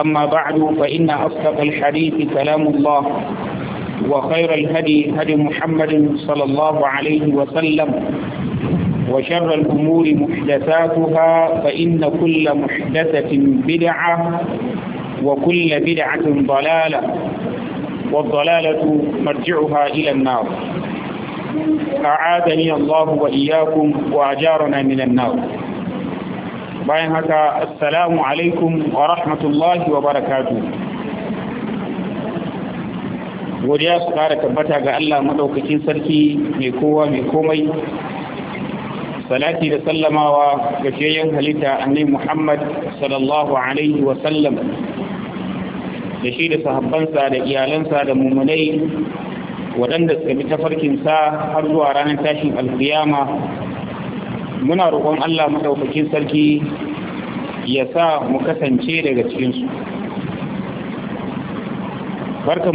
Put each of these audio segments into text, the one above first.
أما بعد فإن أصدق الحديث كلام الله وخير الهدي هدي محمد صلى الله عليه وسلم وشر الأمور محدثاتها فإن كل محدثة بدعة وكل بدعة ضلالة والضلالة مرجعها إلى النار أعادني الله وإياكم وأجارنا من النار bayan haka assalamu alaikum wa rahmatullahi wa barakatu godiya su kara tabbata ga Allah maɗaukacin sarki mai kowa mai komai salati da sallamawa ga fiyayyen halitta annai muhammad sallallahu alaihi wa sallam da shi da sahabbansa da iyalansa da mummunai waɗanda suka bi tafarkinsa har zuwa ranar tashin alkiyama muna roƙon Allah madaukakin sarki ya sa mu kasance daga cikinsu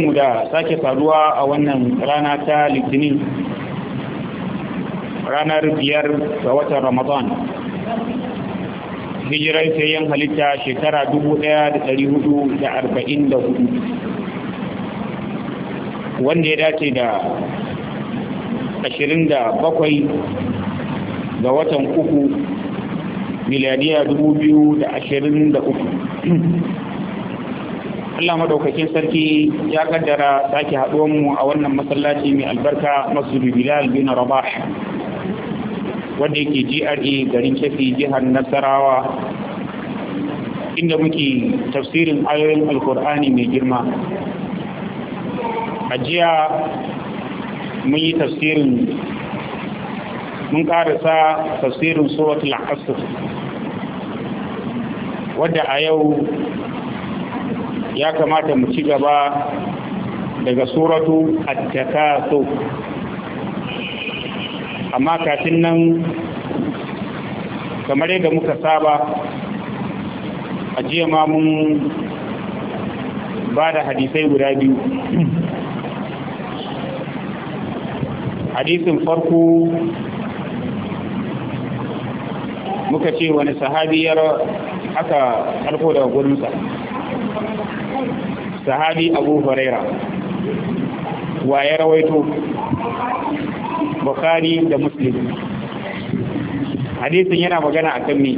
mu da sake faruwa a wannan rana ta litinin ranar biyar ga watan ramadan hijirar sayan halitta shekara 1444 wanda ya dace da 27 ga watan uku miliyariya dubu biyu da ashirin da uku Allah maɗaukakin sarki ya ƙaddara sake mu a wannan masallaci mai albarka Masu bilal bin rabah wadda yake GRA garin Kefi jihar Nasarawa inda muke tafsirin ayoyin alkur'ani mai girma a jiya mun yi tafsirin mun karasa tafsirin suratul asr wadda a yau ya kamata mu ci gaba daga suratu at-takasu amma kafin nan kamar yadda muka saba a jiya ma mun ba da hadisai guda biyu hadisin farko muka ce wani sahabiyar aka harko daga gudunsa. sahabi abu huraira wa ya rawaito bukhari da muslim hadisin yana magana a kan ne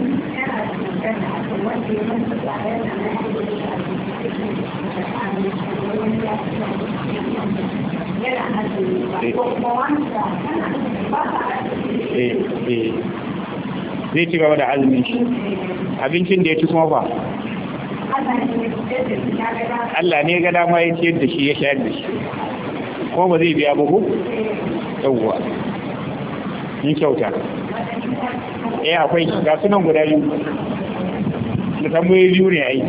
eh eh zai ci gaba da azumin shi abincin da ya ci kuma ba Allah ne ga dama ya ciyar da shi ya shayar da shi ko ba zai biya ba ko yawwa ni kyauta eh akwai ga sunan guda biyu da tambayoyi biyu ne ai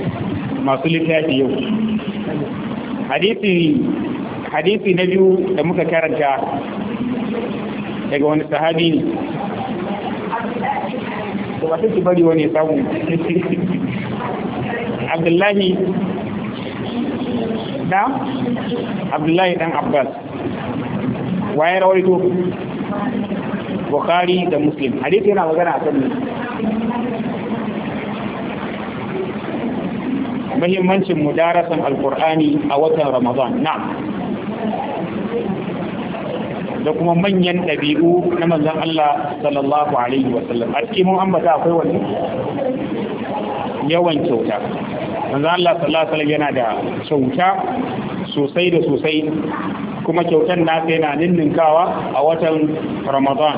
masu littafi yau hadisi hadisi na biyu da muka karanta daga wani sahabi su ba sai su bari wani samu abdullahi da abdullahi dan abbas waye rawaito bukhari da muslim hadisi yana magana a kan muhimmancin mudarasan alkur'ani a watan ramadan na'am da kuma manyan ɗabi'u na manzon Allah sallallahu alaihi wa sallam a cikin mun ambata akwai wani yawan kyauta manzon Allah sallallahu alaihi wa sallam yana da kyauta sosai da sosai kuma kyautar nasa yana ninninkawa a watan Ramadan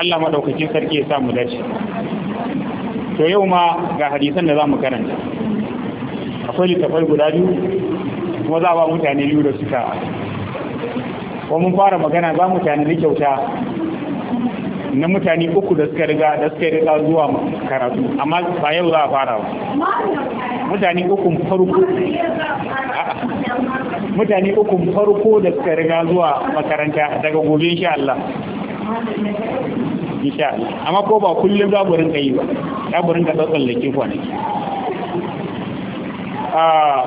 Allah madaukakin sarki ya samu dace to yau ma ga hadisan da zamu karanta akwai littafai guda biyu kuma za a ba mutane biyu da suka ko mun fara magana za mu da kyauta na mutane uku da suka riga da suka riga zuwa karatu amma ba yau za a fara ba mutane uku farko mutane uku farko da suka riga zuwa makaranta daga gobe insha Allah insha Allah amma ko ba kullum za mu rinka yi ba za mu rinka tsallake kwanaki a ah,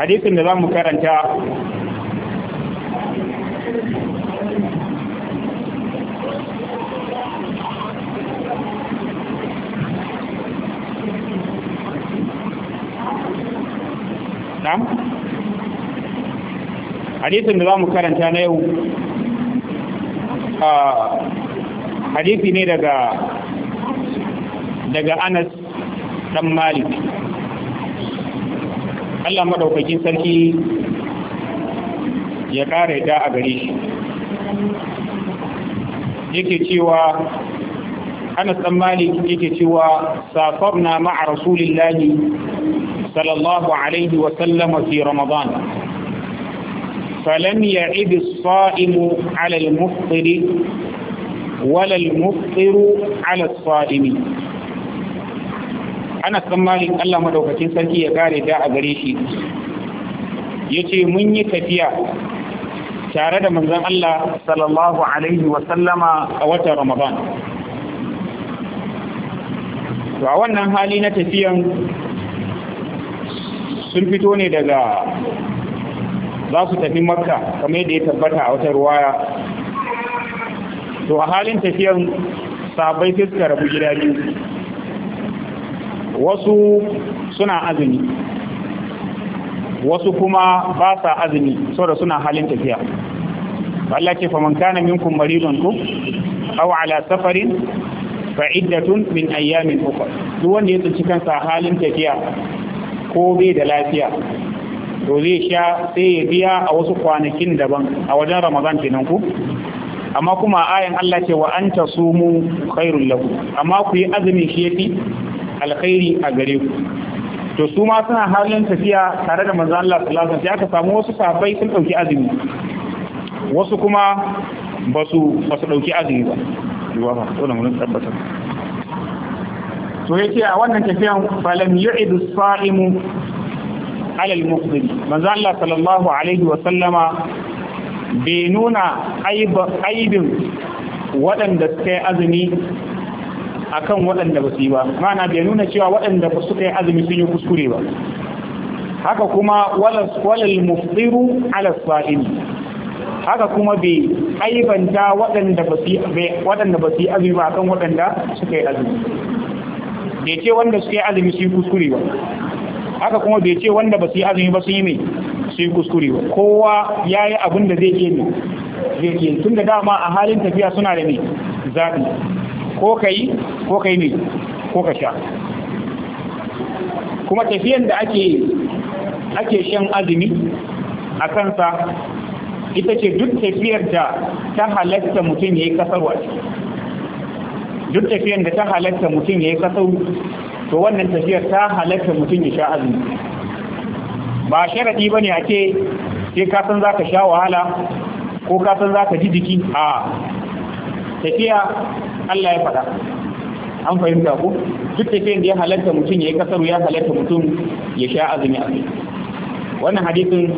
hadisin da za mu karanta Nam? hadisin da za mu karanta na yau ah, hadisi ne daga daga anas ɗan malik Allah maɗaukakin sarki ya kare da a gare shi yake cewa ana dan Malik yake cewa safarna ma'a rasulillahi sallallahu alaihi wa sallam fi ramadan فلم يعد الصائم على المفطر ولا المفطر على الصائم ana tsammanin Allah madaukakin sarki ya kare da a gare shi yace mun yi tafiya tare da manzon Allah sallallahu alaihi wa a watan Ramadan to a wannan hali na tafiyan sun fito ne daga za su tafi makka kamar yadda ya tabbata a wata ruwaya to a halin tafiyan sabai fiskar rabu gida biyu wasu suna azumi wasu kuma ba sa azumi saboda suna halin tafiya Allah ce faman kana minkum maridun ku aw ala safarin fa iddatun min ayyamin ukhra duk wanda ya tsinci kansa halin tafiya ko bai da lafiya to zai sha sai ya biya a wasu kwanakin daban a wajen Ramadan kenan ku amma kuma ayan Allah ce wa anta sumu khairul lakum amma ku yi azumi shi yafi alkhairi a gare ku to su ma suna halin tafiya tare da manzo Allah sallallahu alaihi wasallam sai aka samu wasu sahabbai sun dauki azumi wasu kuma ba su ɗauki azumi ba yiwa ba dole mun tabbatar to yake a wannan tafiyan falam yu'idu saimu ala al-muqdiri manzo Allah sallallahu alaihi wa sallama bai nuna aibin waɗanda suka yi azumi akan waɗanda ba su yi ba mana bai nuna cewa waɗanda ba suka yi azumi sun yi kuskure ba haka kuma walal muftiru ala sa'imi haka kuma bai aibanta waɗanda ba su yi azumi ba kan waɗanda suka yi azumi bai ce wanda suka yi azumi su yi kuskure ba haka kuma bai ce wanda ba su yi azumi ba su yi mai su yi kuskure ba kowa ya yi abin da zai ke ne zai ke tun da dama a halin tafiya suna da ne zaɓi ko ka yi ko ka yi ne ko ka sha kuma tafiyan da ake ake shan azumi a kansa ita ce duk tafiyar da ta halatta mutum ya yi kasarwa duk tafiyar da ta halatta mutum ya yi kasaru to wannan tafiyar ta halatta mutum ya sha azumi ba sharaɗi ba ne a ce sai ka san za ka sha wahala ko ka san za ka ji jiki a tafiya Allah ya faɗa an fahimta ko duk tafiyar da ya halatta mutum ya yi kasarwa ya halatta mutum ya sha azumi a wannan hadisin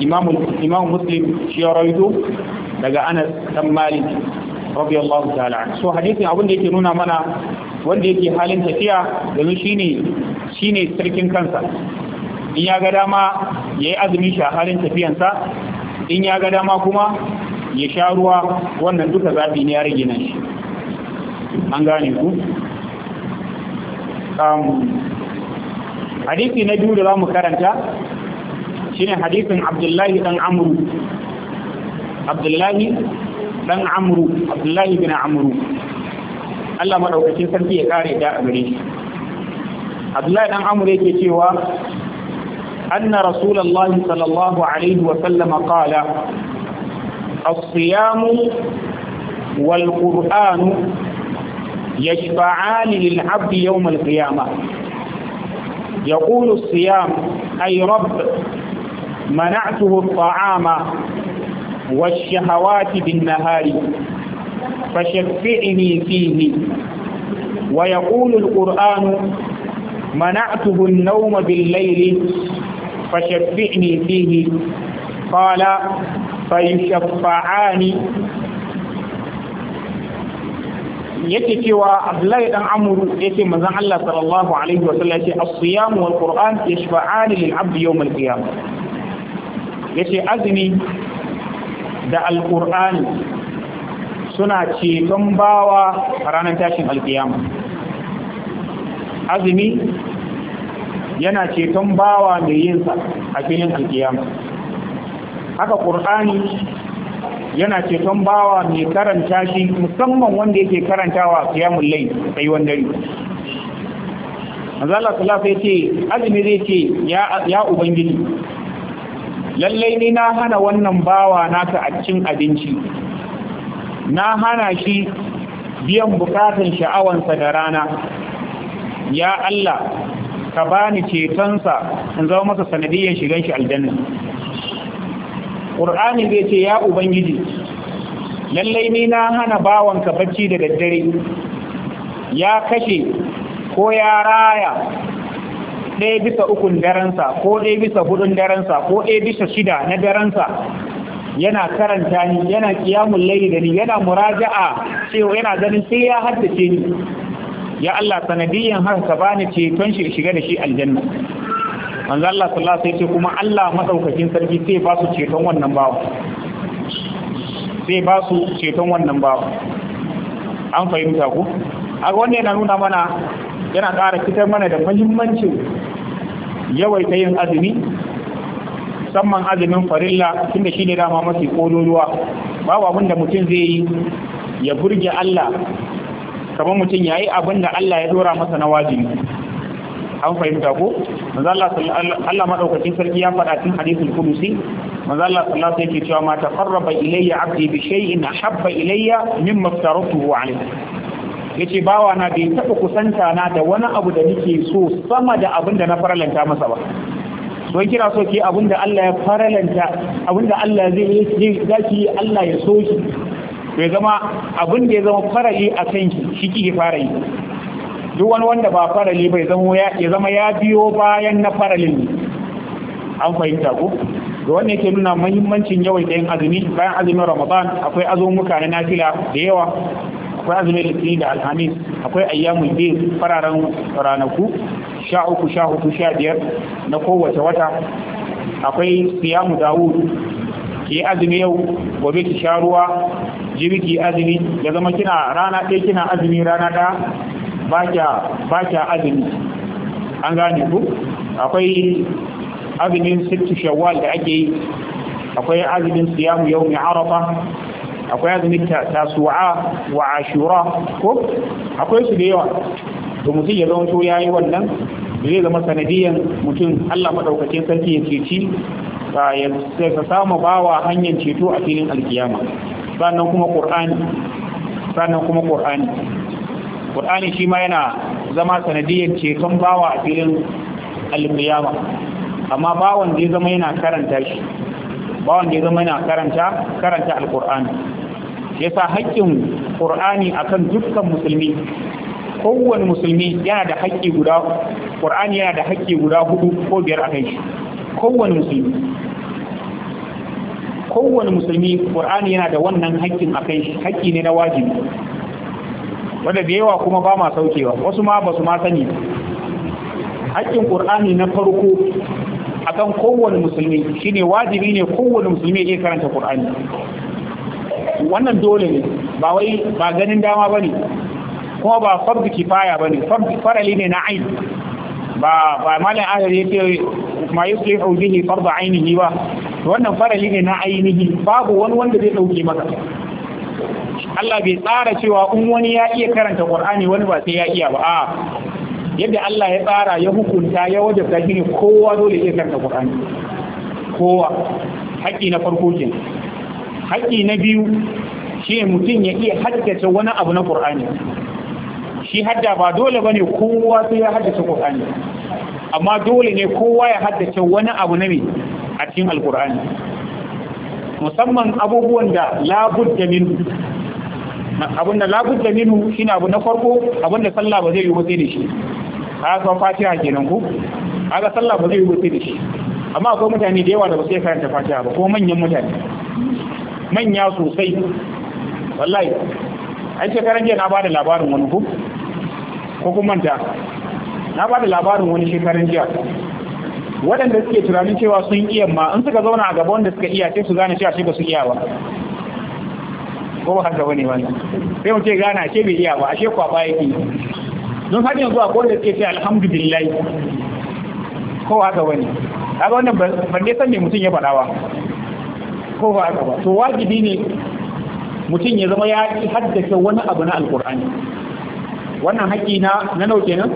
imam muslim shi ya rawaito daga anas dan malik radiyallahu ta'ala so hadisin abin da yake nuna mana wanda yake halin tafiya domin shine shine sarkin kansa in ya ga dama yayi azumi shi a halin tafiyansa in ya ga dama kuma ya sha ruwa wannan duka zabi ne ya rage nan shi an gane ku um, hadisi na biyu da za mu karanta shine hadisin Abdullahi dan Amru Abdullahi dan Amru Abdullahi bin Amru Allah madaukakin sarki ya kare da a gare shi Abdullahi dan Amru yake cewa anna Rasulullahi sallallahu alaihi wa sallam qala الصيام والقرآن يشفعان للعبد يوم القيامة يقول الصيام أي رب منعته الطعام والشهوات بالنهار فشفعني فيه ويقول القرآن منعته النوم بالليل فشفعني فيه قال فيشفعان yake cewa Abdullahi dan Amru yace manzon Allah sallallahu alaihi wa sallam yace as-siyam wal Qur'an yashfa'ani lil 'abdi yawm al-qiyamah yace azumi da Alƙur'ani suna ceton bawa ranar tashin alkiyama azumi yana ceton bawa mai yinsa a filin alkiyama haka ƙur'ani yana ceton bawa mai karanta shi musamman wanda yake karantawa a kiyamun lai wanda yi. manzala ya ce azumi zai ce ya ubangiji lallai ni na hana wannan bawa naka a cin abinci na hana shi biyan bukatan sha'awansa da rana ya Allah ka bani cetonsa in zama masa sanadiyyar shigan shi aljanna ƙur'ani zai ce ya ubangiji lallai ni na hana bawanka bacci da daddare ya kashe ko ya raya ɗaya bisa ukun daransa ko ɗaya bisa hudun daransa ko ɗaya bisa shida na daransa yana karanta ni yana kiyamun layi da ni yana muraja'a cewa yana ganin sai ya haddace ni ya Allah sanadiyan haka ka bani ceton shi shiga da shi aljanna manzo Allah sallallahu alaihi wasallam kuma Allah madaukakin sarki sai ba su ceton wannan bawo sai ba su ceton wannan bawo an fahimta ku a wannan yana nuna mana yana ƙara fitar mana da muhimmancin yawaita yin azumi musamman azumin farilla tunda shine dama mafi kololuwa babu abin da mutum zai yi ya burge Allah kamar mutum yayi abin da Allah ya dora masa na wajibi an fahimta ko manzo Allah Allah sarki ya faɗa cikin hadisul qudusi manzo Allah sallallahu alaihi wasallam yake cewa ma taqarraba ilayya 'abdi bi shay'in ahabba ilayya mimma aftaratuhu alayhi yace bawa na bai taɓa kusanta na da wani abu da nake so sama da abin da na faralanta masa ba don kira so ke abin da Allah ya faralanta abin da Allah zai yi zaki Allah ya so shi bai zama abin da ya zama farali a kan shi kike fara yi duk wani wanda ba farali bai zama ya zama ya biyo bayan na faralin an fahimta ko da wannan yake nuna muhimmancin yawan yin azumi bayan azumin Ramadan akwai mutane na fila da yawa akwai azumin litinin da alhamis akwai ayyamun din fararen ranaku sha uku sha hudu sha biyar na kowace wata akwai siyamu dawud ki yi azumi yau gobe ki sha ruwa jibi ki azumi ya zama kina rana ɗaya kina azumi rana ɗaya ba kya azumi an gane ku akwai azumin sittu shawwal da ake yi akwai azumin siyamu yau mai arafa akwai azumin tasu'a wa ashura ko akwai su da yawa to mutum ya zama to yi wannan zai zama sanadiyan mutum Allah madaukakin sarki ya ceci ka samu bawa hanyar ceto a filin alkiyama sannan kuma qur'ani sannan kuma qur'ani qur'ani shi ma yana zama sanadiyan ceton bawa a filin alkiyama amma bawan wanda ya zama yana karanta shi bawan da ya zama yana karanta karanta alqur'ani yasa haƙƙin qur'ani akan dukkan musulmi kowane musulmi yana da haƙƙi guda qur'ani yana da haƙƙi guda hudu ko biyar kai shi kowane musulmi kowane musulmi qur'ani yana da wannan haƙƙin kai shi haƙƙi ne na wajibi wanda da yawa kuma ba ma saukewa wasu ma ba su ma sani haƙƙin qur'ani na farko akan kowane musulmi shine wajibi ne kowane musulmi ya karanta qur'ani wannan dole ne ba wai ba ganin dama ba ne kuma ba fardu kifaya ba ne farali ne na aini ba ba malin ahir ya ce ma yi hau yi fardu ainihi ba wannan farali ne na ainihi babu wani wanda zai dauke maka Allah bai tsara cewa in wani ya iya karanta ƙwar'ani wani ba sai ya iya ba a yadda Allah ya tsara ya hukunta ya wajabta shi ne kowa dole iya karanta ƙwar'ani kowa haƙƙi na farko kenan haƙƙi na biyu shi mutum ya iya haddace wani abu na ƙur'ani shi hadda ba dole ba ne kowa su ya haddace ƙur'ani amma dole ne kowa ya haddace wani abu na ne a cikin alƙur'ani musamman abubuwan da labudda minu abun da labudda minu shine abu na farko abun da sallah ba zai yi ba da shi haka san fatiha kenan ku haka sallah ba zai yi ba da shi amma akwai mutane da yawa da ba sai karanta fatiha ba ko manyan mutane manya sosai wallahi an shekaran jiya na ba da labarin wani ku ko kuma manta na ba da labarin wani shekaran jiya waɗanda suke tunanin cewa sun iya ma in suka zauna a gaba wanda suka iya sai su gane cewa shi ba su iya ba ko ba haka wani wani sai mu ce gana ce bai iya ba a ashe kwaba yake don har yanzu ko wanda suke ce alhamdulillah ko haka wani, haka wannan ban dai san me mutum ya faɗa ba ko ba haka ba to wajibi ne mutum ya zama ya ki haddace wani abu na alkur'ani wannan haƙi na na nau nan,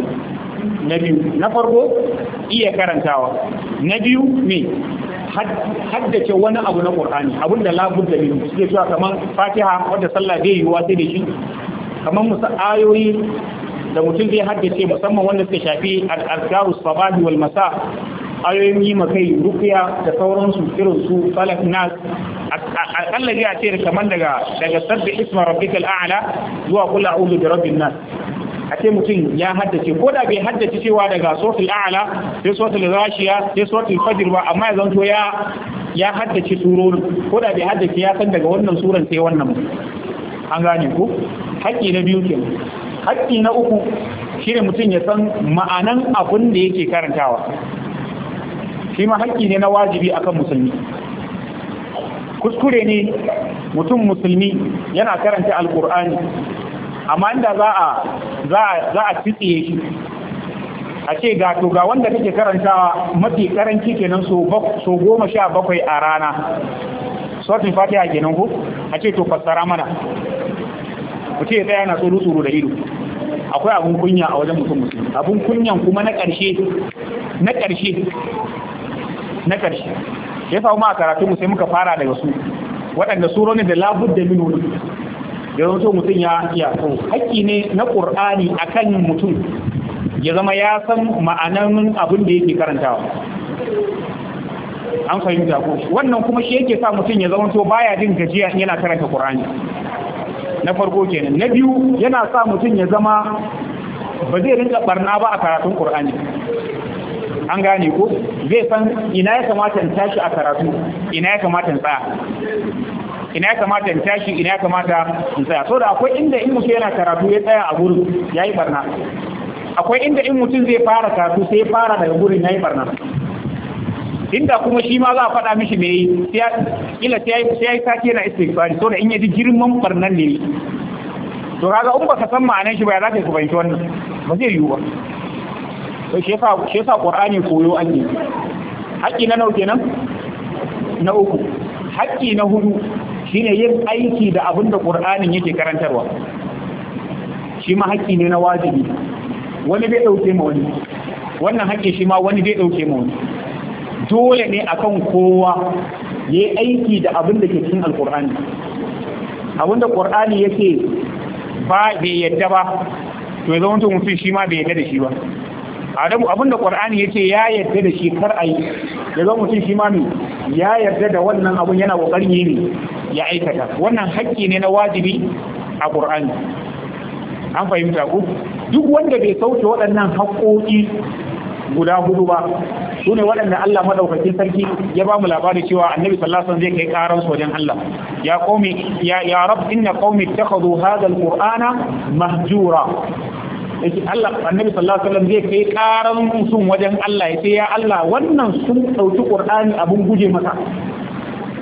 na biyu na farko iya karantawa na biyu ne haddace wani abu na qur'ani abin da labud da biyu suke cewa kamar fatiha wadda sallah bai yiwuwa sai da shi kamar musa ayoyi da mutum zai haddace musamman wanda suka shafi al-azkaru sabahi wal masa ayoyin yi kai rukiya da sauransu irin su falak nas akalla ya ce kamar daga daga sabbi isma rabbikal a'la zuwa kula a'udhu bi rabbin nas a ce mutum ya haddace ko da bai haddace cewa daga sotul a'la sai sotul rashiya sai sotul fajr ba amma ya zanto ya ya haddace surorin ko da bai haddace ya san daga wannan suran sai wannan an gane ku haƙƙi na biyu ke haƙƙi na uku shine mutum ya san ma'anan abin da yake karantawa shi ma haƙƙi ne na wajibi akan musulmi kuskure ne mutum musulmi yana karanta alkur'ani amma inda za a za a fitse shi a ce ga ga wanda kake karantawa mafi karanci kenan so goma sha bakwai a rana sautin a kenan ko a ce to fassara mana ku ce tsaya na tsoro tsoro da ido akwai abun kunya a wajen mutum musulmi abun kunyan kuma na ƙarshe na ƙarshe na ƙarshe ya sa ma a karatu mu sai muka fara daga su waɗanda suroni da labud da minuni da zato mutum ya iya so haƙƙi ne na ƙur'ani akan mutum ya zama ya san ma'anan abin da yake karantawa an fahimta ko wannan kuma shi yake sa mutum ya zama to baya jin gajiya yana karanta ƙur'ani na farko kenan na biyu yana sa mutum ya zama ba zai rinka ɓarna ba a karatun ƙur'ani. an gane ko zai san ina ya kamata in tashi a karatu ina ya kamata in tsaya ina ya kamata in tashi ina ya kamata in tsaya so da akwai inda in mutum yana karatu ya tsaya a gurin ya yi barna akwai inda in mutum zai fara karatu sai ya fara daga gurin ya yi barna inda kuma shi ma za a faɗa mishi mai ila sai ya yi sake yana istighfari so da in ya ji girman barnan ne to kaga in ka san ma'anar shi ba ya za ka yi ku fahimci wannan ba zai yiwu ba to ke fa qur'ani koyo ake haƙƙi na nauke nan na uku haƙƙi na hudu shine yin aiki da abin da qur'anin yake karantarwa shi ma haƙƙi ne na wajibi wani bai dauke ma wani wannan haƙƙi shi ma wani bai dauke ma wani dole ne akan kowa ya yi aiki da abin da ke cikin alƙur'ani abin da ƙur'ani yake ba bai yadda ba to ya zama mutum shi ma bai yadda da shi ba adamu abinda qur'ani yace ya yarda da shi kar ai da mutum shi ma ya yarda da wannan abun yana kokarin yi ne ya aikata wannan haƙƙi ne na wajibi a qur'ani an fahimta ku duk wanda bai sauke waɗannan haƙƙoƙi guda hudu ba su ne waɗanda Allah maɗaukakin sarki ya ba mu labari cewa annabi sallallahu alaihi wasallam zai kai karan wajen Allah ya qaumi ya ya rab inna qaumi ittakhadhu hadha alqur'ana mahjura yake Allah annabi sallallahu alaihi wasallam zai kai karan sun wajen Allah ya ya Allah wannan sun dauki Qur'ani abun guje masa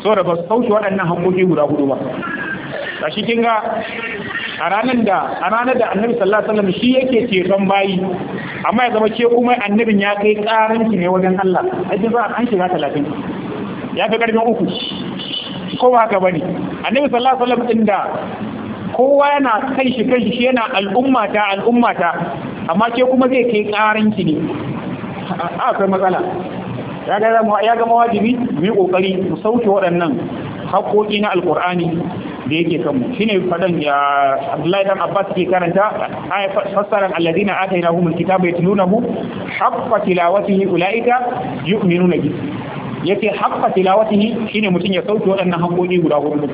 saboda ba su kauce waɗannan hankoki guda hudu ba a cikin ga a ranar da a ranar da annabi sallallahu alaihi wasallam shi yake ceton bayi amma ya zama ke kuma annabin ya kai karanci ne wajen Allah aje za an shiga talatin ya fi karfin uku ko ba haka bane annabi sallallahu alaihi wasallam din da kowa yana kai shi kai shi yana al'ummata al'ummata amma ke kuma zai kai karin ki ne a akwai matsala ya ga ya ga wajibi mu yi kokari mu sauke waɗannan haƙoƙi na alƙur'ani da yake kanmu shine fadan ya Abdullahi dan Abbas ke karanta ay fassaran alladhina atainahum alkitaba yatlunahu haqqa tilawatihi ulaika yu'minuna bi yake haqqa tilawatihi shine mutun ya sauke waɗannan haƙoƙi guda hudu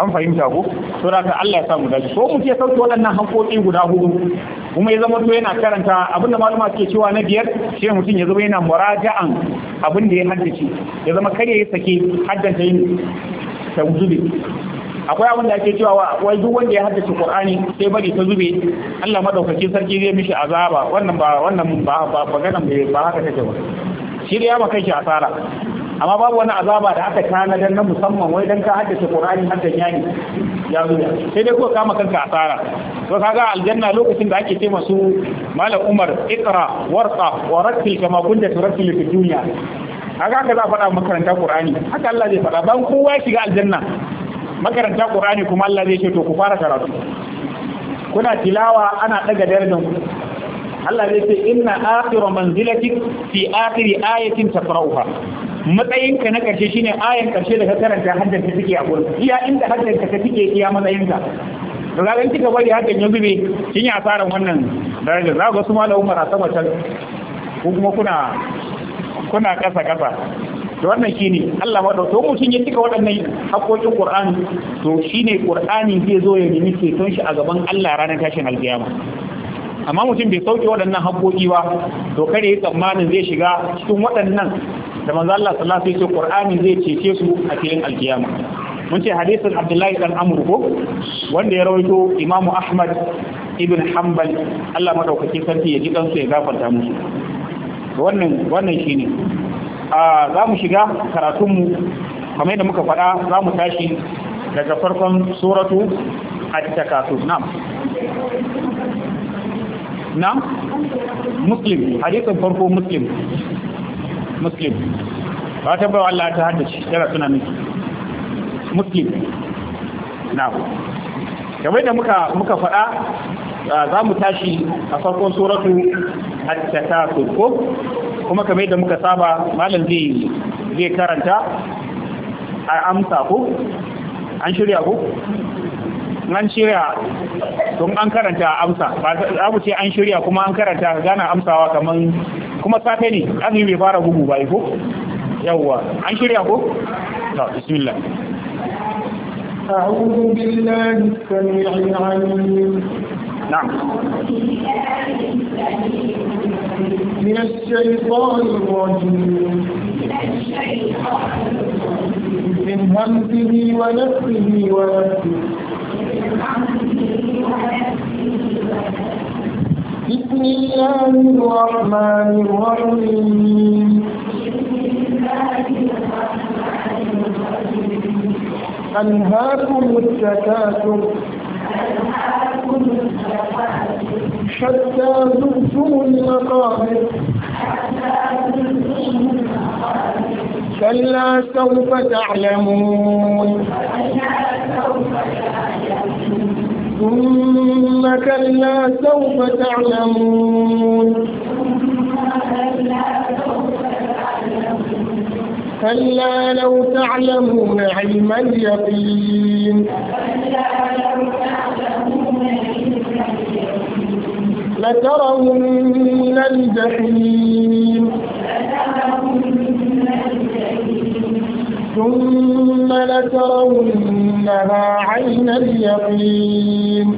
an fahimta ko to da Allah ya sa mu dace so muke sauke waɗannan hankoki guda hudu kuma ya zama to yana karanta abin da malama suke cewa na biyar shi mutum ya zama yana muraja'an abin da ya haddace ya zama kare ya sake haddanta yin ta tawzubi akwai abin da ake cewa wai duk wanda ya haddace Qur'ani sai bari ta zube Allah madaukaki sarki zai mishi azaba wannan ba wannan ba ba ba haka take ba shi da ya maka shi asara amma babu wani azaba da aka tanadar na musamman wai dan ka haddace Qur'ani haddan yani ya zo sai dai ko kama kanka asara to kaga aljanna lokacin da ake ce masu malam Umar iqra warqa wa rattil kama kunta turattil fi dunya kaga haka za a faɗa makaranta Qur'ani haka Allah zai faɗa ban kowa shiga aljanna makaranta Qur'ani kuma Allah zai ce to ku fara karatu kuna tilawa ana daga darajar ku Allah zai ce inna akhiru manzilatik fi akhiri ayatin taqra'uha matsayinka na karshe shine ayan karshe da ka karanta haddar ta take a gurin iya inda haddar ka ta take iya matsayinka to ga kika bari hakan ya zube kin yi asaran wannan daraja za ga su mala umar a sama ta ko kuma kuna kuna kasa kasa to wannan shine Allah ma to mutum ya cika waɗannan haƙoƙin Qur'ani to shine Qur'ani zai zo ya nemi ceton shi a gaban Allah ranar tashin alkiyama amma mutum bai sauke waɗannan haƙoƙi ba to kare tsammanin zai shiga cikin waɗannan da manzo Allah sallallahu alaihi wasallam Qur'ani zai cece su a filin alkiyama mun ce hadisin Abdullahi dan Amr ko wanda ya rawaito Imam Ahmad ibn Hanbal Allah madaukake sarki ya ji dan ya gafarta musu wannan wannan shine a za mu shiga karatun mu kamar yadda muka faɗa za mu tashi daga farkon suratu at-takasur na'am na'am muslim hadisin farko muslim muslim ba ta bawa Allah ta haddace tara suna miki muslim na kamar da muka muka faɗa za mu tashi a farkon suratu at ta ko kuma kamar da muka saba malam zai zai karanta a amsa ko an shirya ko an shirya tun an karanta amsa ba za mu ce an shirya kuma an karanta gana amsawa kaman kuma safe ne azumi bai fara gugu bai ko yawwa an shirya ko ta bismillah أعوذ بالله السميع العليم نعم من الشيطان الرجيم من همزه ونفسه ونفسه بسم الله الرحمن الرحيم ألهاكم التكاثر حتى زرتم المقابر كلا سوف تعلمون ثم كلا سوف تعلمون كلا لو تعلمون علم اليقين لترون الجحيم ثم لترونها عين اليقين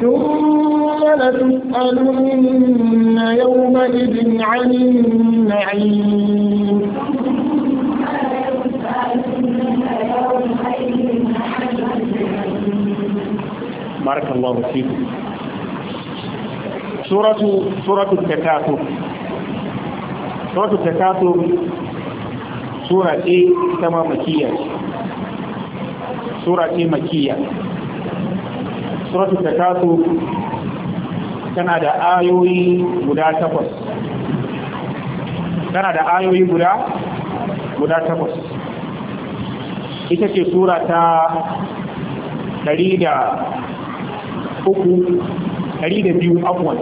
ثم لتسألن يومئذ عن النعيم بارك الله فيكم suratu suratu takatur suratu takatur sura ce ta mamakiyar sura ce makiya suratu takatur tana da ayoyi guda takwas tana da ayoyi guda guda takwas ita ce sura ta ɗari Ɗari da biyu afwan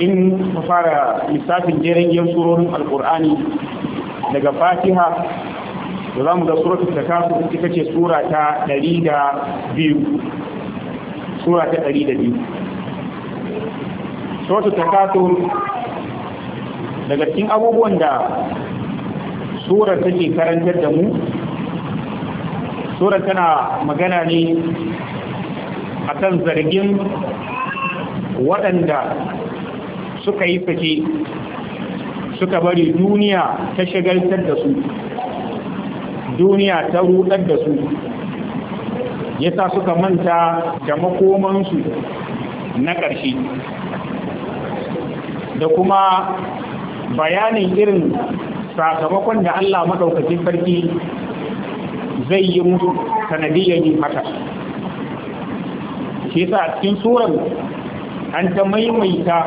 in ka fara lissafin jerin yan surorin Alƙur'ani daga fatiha da za mu ga suratul takasu ita ce sura ta 102 sura ta 102 suratul takasu daga cikin abubuwan da surar take karantar da mu surar tana magana ne a kan zargin waɗanda suka yi fice suka bari duniya ta shagaltar da su duniya ta rudar da su yasa suka manta da makomansu na ƙarshe da kuma bayanin irin sakamakon da Allah maɗaukacin sarki zai yi musu sanadiyyar yin haka shi yasa cikin surar an ta maimaita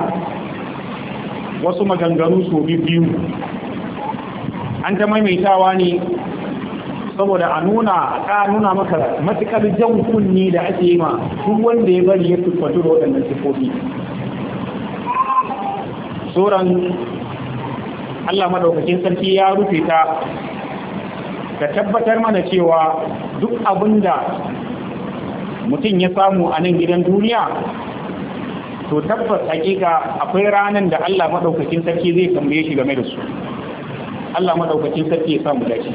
wasu maganganu su biyu an ta maimaitawa ne saboda a nuna ka nuna maka matukar jan kunni da ake yi ma duk wanda ya bari ya tuffatu da waɗannan sifofi tsoron Allah maɗaukacin sarki ya rufe ta ka tabbatar mana cewa duk abinda mutum ya samu a nan gidan duniya to tabbas hakika akwai ranan da Allah madaukakin sarki zai tambaye shi game da su Allah madaukakin sarki ya samu dace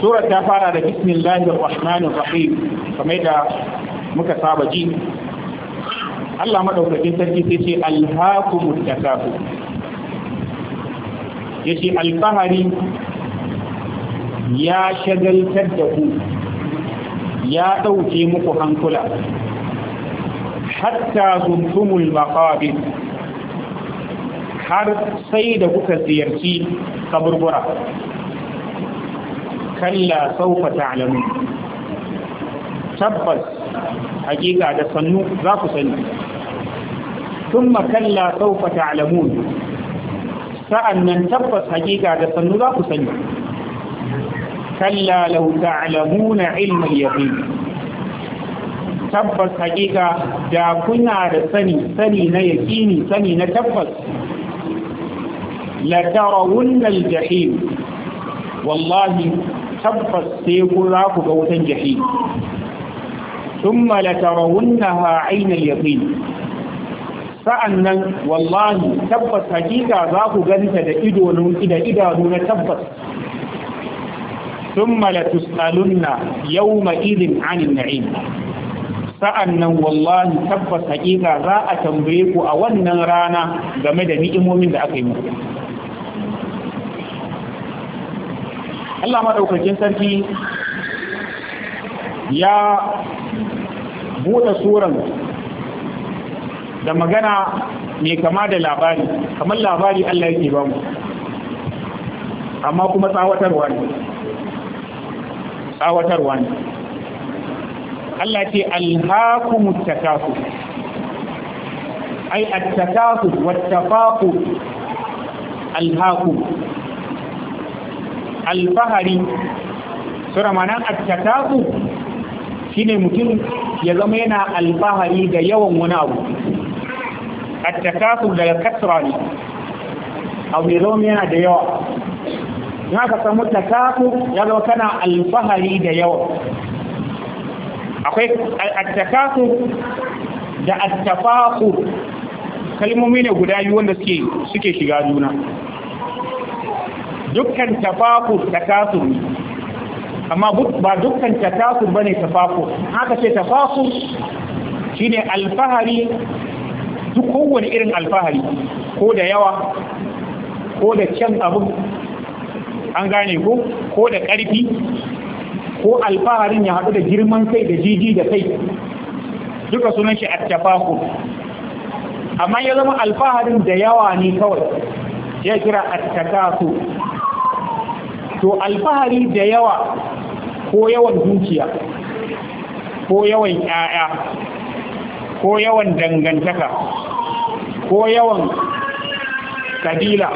sura ta fara da bismillahir rahmanir rahim kamar da muka saba ji Allah madaukakin sarki sai ce alhaqumut tasaffu yace alfahari ya shagaltar da ku ya dauke muku hankula حتى زمتم المقابل حر سيد كثير في قبر برا كلا سوف تعلمون تبس حقيقة هذا صنو ذاك ثم كلا سوف تعلمون فأن أن تبس حقيقة هذا صنو ذاك كلا لو تعلمون علم اليقين tabbas hakika da kuna da sani sani na yakini sani na tabbas la tarawunna al-jahim wallahi tabbas sai ku za ku ga wutan jahim thumma la tarawunnaha ayna al-yaqin sa'annan wallahi tabbas hakika za ku ganta da idonun ida idanu na tabbas thumma la tusalunna yawma idin 'anil na'im sa'an nan wallahi tabbas hakika za a tambaye ku a wannan rana game da ni'imomin da aka yi muku Allah maɗaukakin sarki ya buɗe suran da magana mai kama da labari kamar labari Allah yake ba mu amma kuma tsawatarwa ne tsawatarwa ne التي ألهاكم التكاثر أي التكاثر والتفاقر ألهاكم الفهري سورة معنى التكاثر شيني مجيب يزمينا الفهري دا يوم وناو التكاثر دا يكسراني أو يزمينا دا يوم هناك سمو التكاثر يزمينا الفهري دا يوم akwai attakasu da attafaku kalmomi ne guda biyu wanda suke suke shiga juna dukkan tafaku takasur amma ba dukkan takasur bane tafaku haka ce tafaku shine alfahari duk kowane irin alfahari ko da yawa ko da can abin an gane ko ko da ƙarfi ko alfaharin ya haɗu da girman kai da jiji da kai duka sunan shi attafaku amma ya zama alfaharin da yawa ne kawai ya kira attakasu to alfahari da yawa ko yawan dukiya ko yawan ƴaƴa ko yawan dangantaka ko yawan kabila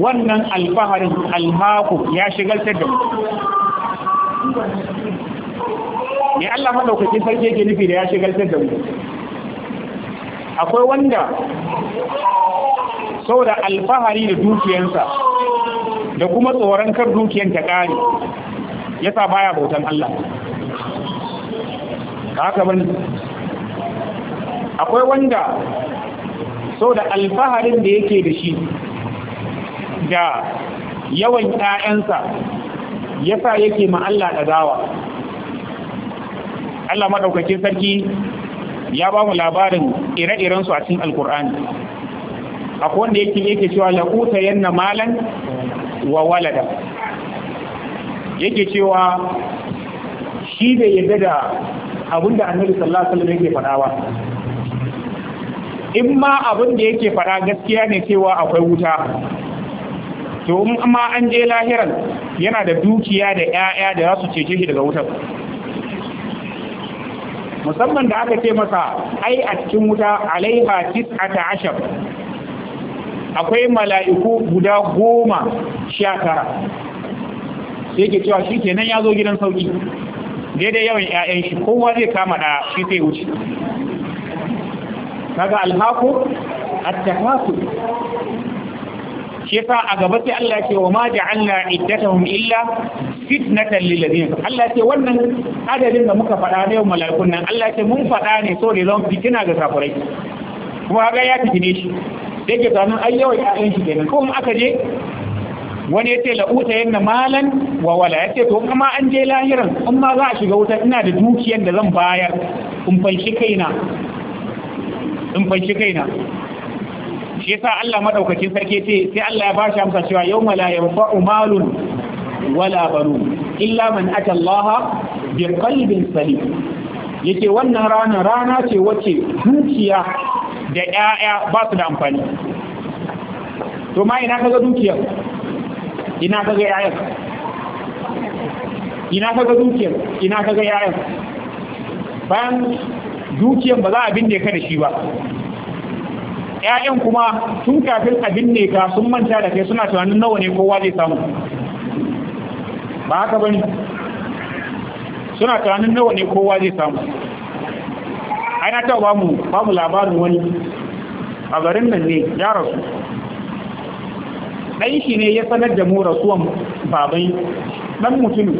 wannan alfaharin alhaku ya shigaltar da ne Allah madaukakin sarki yake nufi da ya shigaltar da mu akwai wanda saboda alfahari da dukiyansa da kuma tsoron kar dukiyan ta kare yasa baya bautan Allah haka ban akwai wanda saboda alfaharin da yake da shi da yawan ƴaƴansa yasa yake ma Allah ɗagawa Allah maɗaukakin sarki ya ba mu labarin ire-irensu a cikin alkur'ani akwai wanda yake yake cewa la'uta yanna malan wa walada yake cewa shi da yadda da abinda annabi sallallahu alaihi wasallam yake faɗa ba in ma abin da yake faɗa gaskiya ne cewa akwai wuta to in amma an je lahiran yana da dukiya da 'ya'ya da zasu su cece shi daga wutar musamman da aka ce masa ai a cikin wuta alaiha tis'ata akwai mala'iku guda goma sha tara sai ke cewa shi kenan ya zo gidan sauki daidai yawan 'ya'yan shi kowa zai kama da shi sai wuce kaga alhaku at-takasu shefa a gaba sai Allah ce wa ma ja'alna iddatahum illa fitnatan lil ladina Allah ce wannan adadin da muka faɗa na yau mala'ikun nan Allah ce mun faɗa ne so da zan fitina ga kafirai kuma ga ya fitine shi da zanen an ai yawa ya'yan shi kenan kuma aka je wani ya ce la uta yanna malan wa wala ce to kuma an je lahiran in ma za a shiga wuta ina da dukiyar da zan bayar in fanshi kaina in fanshi kaina shi yasa Allah madaukakin sarki ce sai Allah ya bashi amsa cewa yawma la yanfa'u malun wala banun illa man ata Allah bi qalbin salim yake wannan rana rana ce wacce dukiya da 'ya'ya ba su da amfani to ma ina kaga dukiyar ina kaga 'ya'yan ina kaga dukiyar ina kaga 'ya'yan bayan dukiyar ba za a binne ka da shi ba Ya'yan kuma tun kafin abin ne ka sun manta da kai suna tunanin nawa ne kowa zai samu ba haka bane suna tunanin nawa ne kowa zai samu ai na taɓa mu ba mu labarin wani a garin nan ne ya rasu ɗan shi ne ya sanar da mu rasuwan babai. ɗan mutum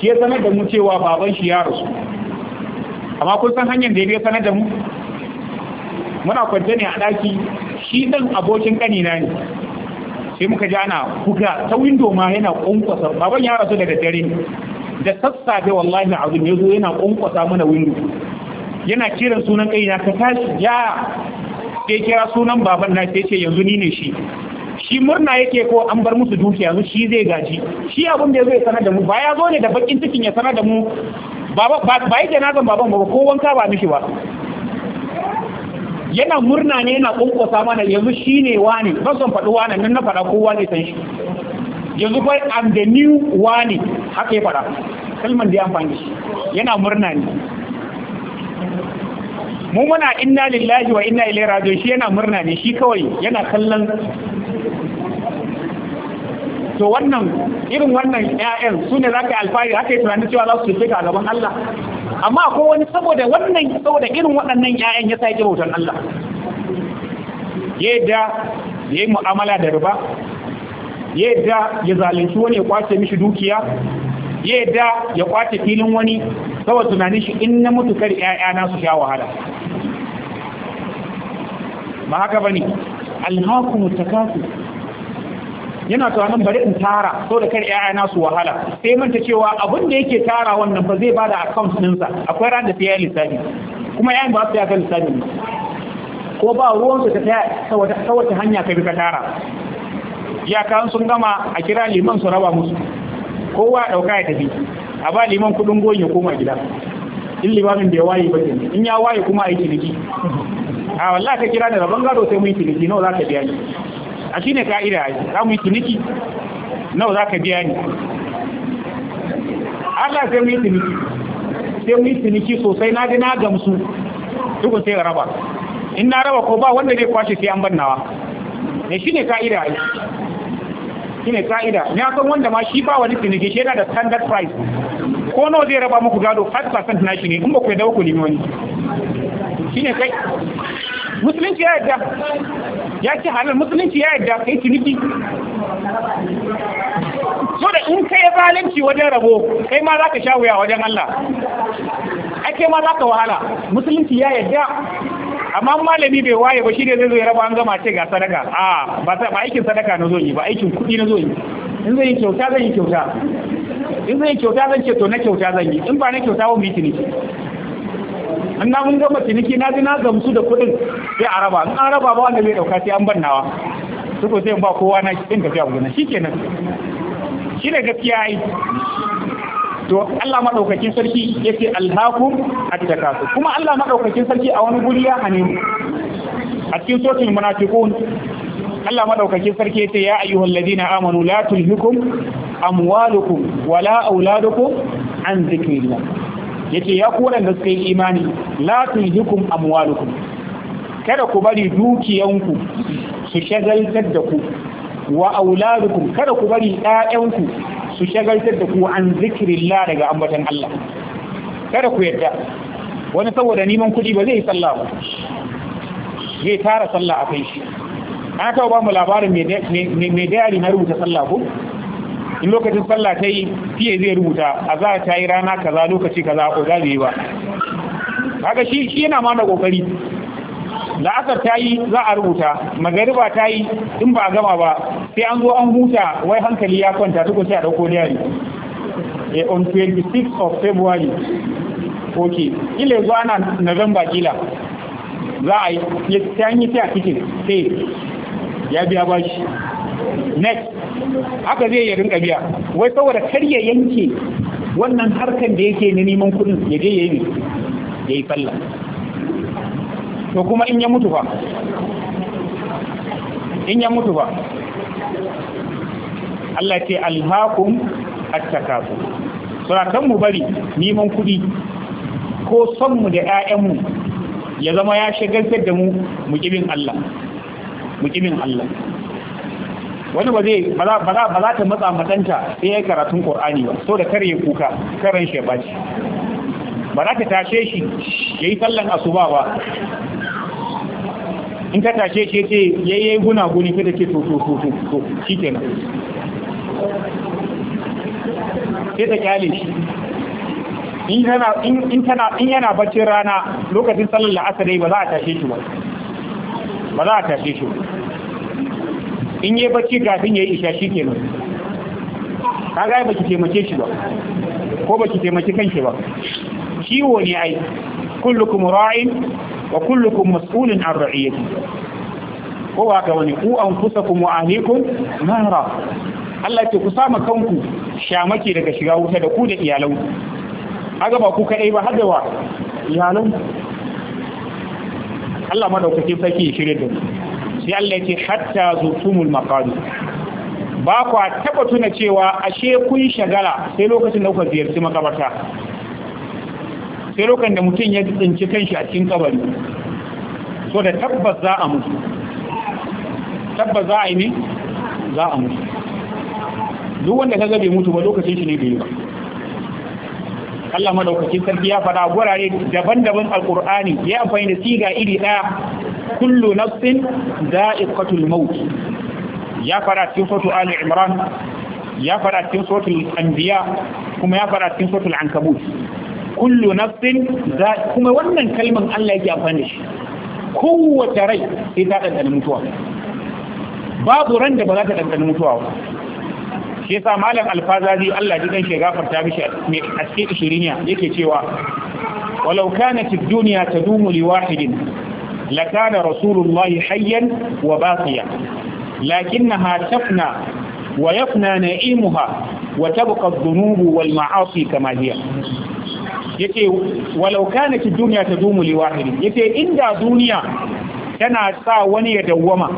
shi ya sanar da mu cewa baban shi ya rasu amma kun san hanyar da ya sanar da mu muna kwance ne a ɗaki shi ɗan abokin ƙanina ne sai muka ji ana kuka ta windo ma yana ƙwanƙwasa baban ya rasu daga dare da sassafe wallahi azum ya zo yana ƙwanƙwasa mana windo yana kiran sunan na ka tashi ya sai kira sunan baban na sai ce yanzu ni ne shi shi murna yake ko an bar musu dukiya yanzu shi zai gaji shi abin da zai sanar da mu ba ya zo ne da bakin cikin ya sanar da mu ba ba yake na zan baban ba ko wanka ba miki ba yana murna ne yana kunkosa mana yanzu shi ne wani ba son faɗi wani nan na faɗa kowa ne san shi yanzu kai am the new wani haka ya faɗa kalman da ya amfani shi yana murna ne mu muna inna lillahi wa inna ilaihi raji'un shi yana murna ne shi kawai yana kallon to wannan irin wannan ƴaƴan sune zaka za ka yi alfahari haka yi tunanin cewa za su tafi a gaban Allah amma akwai wani saboda wannan saboda irin waɗannan ƴaƴan ya sai bautan Allah yadda yayi mu'amala da riba yadda ya zalunci wani ya kwace mishi dukiya yadda ya kwace filin wani saboda tunanin shi in na mutu kar na su sha wahala ba haka bane alhaqu mutakasir yana tunanin bari in tara so da kar ƴaƴana su wahala sai manta cewa abin da yake tara wannan ba zai bada account ɗinsa akwai ran da fiye lissafi kuma yayin ba su ya ga lissafi ko ba ruwan su ta ta wata hanya ka bi ka tara kan sun gama a kira liman su raba musu kowa ɗauka ya tafi a ba liman kuɗin goyin ya koma gida in limamin ya waye ba ne. in ya waye kuma a yi ciniki a wallahi ka kira ni rabon gado sai mun yi ciniki nawa za ka biya ni a shi ne ka'ida za mu yi tuniki? Nau za ka biya ni Allah sai mu yi sai mu yi tuniki sosai na ji na gamsu duk sai raba in na raba ko ba wanda zai kwashe sai an bannawa ne eh, shi ne ka'ida shi ne ka'ida na san wanda ma shi ba wani tuniki shi yana da standard price ko nawa zai raba muku gado 5% na shi ne in ba ku yadda ku nemi wani shi ne kai musulunci ya yadda ya ce halal musulunci ya yadda kai ciniki so da in kai zalunci wajen rabo kai ma za ka sha wuya wajen Allah ai kai ma za ka wahala musulunci ya yadda amma malami bai waye ba shi ne zai zo ya raba an gama ce ga sadaka a ba aikin sadaka na zo yi ba aikin kuɗi na zo yi in zai yi kyauta zan yi kyauta in zai yi kyauta zan ce to na kyauta zan yi in ba na kyauta ba mu yi ciniki in na mun gama ciniki na ji na gamsu da kuɗin sai a raba in an raba ba wanda zai ɗauka sai an bannawa suko sai ba kowa na cikin tafiya gudana shi kenan shi da gaskiya yi to Allah madaukakin sarki yace alhakum at-takasu kuma Allah madaukakin sarki a wani guri ya hane a cikin sotin munafiqun Allah madaukakin sarki ce ya ayyuhal ladina amanu la tulhikum amwalukum wala auladukum an zikrillah Yake ya ku da suka yi imani la hukum amwalukum kada ku bari dukiyanku su shagaltar da ku wa auladukum kada ku bari ƴaƴanku su shagaltar da ku an zikirillah daga ambatan Allah kada ku yadda wani saboda neman kuɗi ba zai yi sallah ba zai tara sallah a kai shi an kawo ba mu labarin mai dayari na rubuta sallah ko in lokacin sallah ta yi fiye zai rubuta a za ta yi rana kaza lokaci kaza ko zai yi ba haka shi shi yana ma da kokari la'asar ta yi za a rubuta magariba ta yi in ba a gama ba sai an zo an huta wai hankali ya kwanta tukun sai a ɗauko da yari. Eh, on 26 of february ok ila yanzu ana november kila za a yi ta yi ta cikin sai ya biya bashi next haka zai yi rinka biya wai saboda kar ya yanke wannan harkan da yake na neman kuɗin ya je ya yi ya yi falla to kuma in ya mutu fa in ya mutu fa Allah ce alhaqum at-takasu kan mu bari neman kuɗi ko son mu da ƴaƴanmu ya zama ya shagaltar da mu mu kibin Allah mu kibin Allah wani ba zai ba za ta matsa matsanta sai ya karatun ƙorani ba so da kare kuka karan shi ba ba za ta tashe shi ya yi sallan asuba ba in ta tashe shi ya ce yi guna guni sai da ke to to to to nan sai ta kyale shi in yana baccin rana lokacin sallar dai ba za a tashe shi ba ba za a tashe shi ba in yi bacci kafin ya yi isha shi kenan kaga ba ki taimake shi ba ko ba ki taimake kanki ba ciwo ne ai kullukum ra'in wa kullukum mas'ulun an ra'iyati ko ba ka wani ku anfusakum wa ahlikum nara Allah ce ku sama kanku shamaki daga shiga wuta da ku da iyalanku kaga ba ku kadai ba har da wa iyalanku Allah madaukake sarki ya shirye da mu sai Allah ya ce hatta zufumul maqadir ba ku taba tuna cewa ashe kun shagala sai lokacin da kuka ziyarci makabarta sai lokacin da mutum ya tsinci kanshi a cikin kabari so da tabbas za a mutu tabbas za a yi ne za a mutu duk wanda ka gabe mutu ba lokacin shi ne bai yi ba Allah madaukakin sarki ya faɗa gurare daban-daban alƙur'ani ya amfani da siga iri ɗaya kullu nafsin za'iqatul maut ya faɗa cikin suratul ali imran ya faɗa cikin suratul anbiya kuma ya faɗa cikin suratul ankabut kullu nafsin za kuma wannan kalman Allah yake amfani da shi kowace rai sai ta ɗanɗana mutuwa babu ran da ba za ta ɗanɗana mutuwa ba shi yasa malam alfazazi Allah ji dan shi gafarta mishi a cikin ishiriniya yake cewa walau kanat ad-dunya tadumu li wahidin لكان رسول الله حيا وباقيا لكنها تفنى ويفنى نعيمها وتبقى الذنوب والمعاصي كما هي yace walau kanat ad-dunya tadumu li wahid yace inda duniya tana sa wani ya dawwama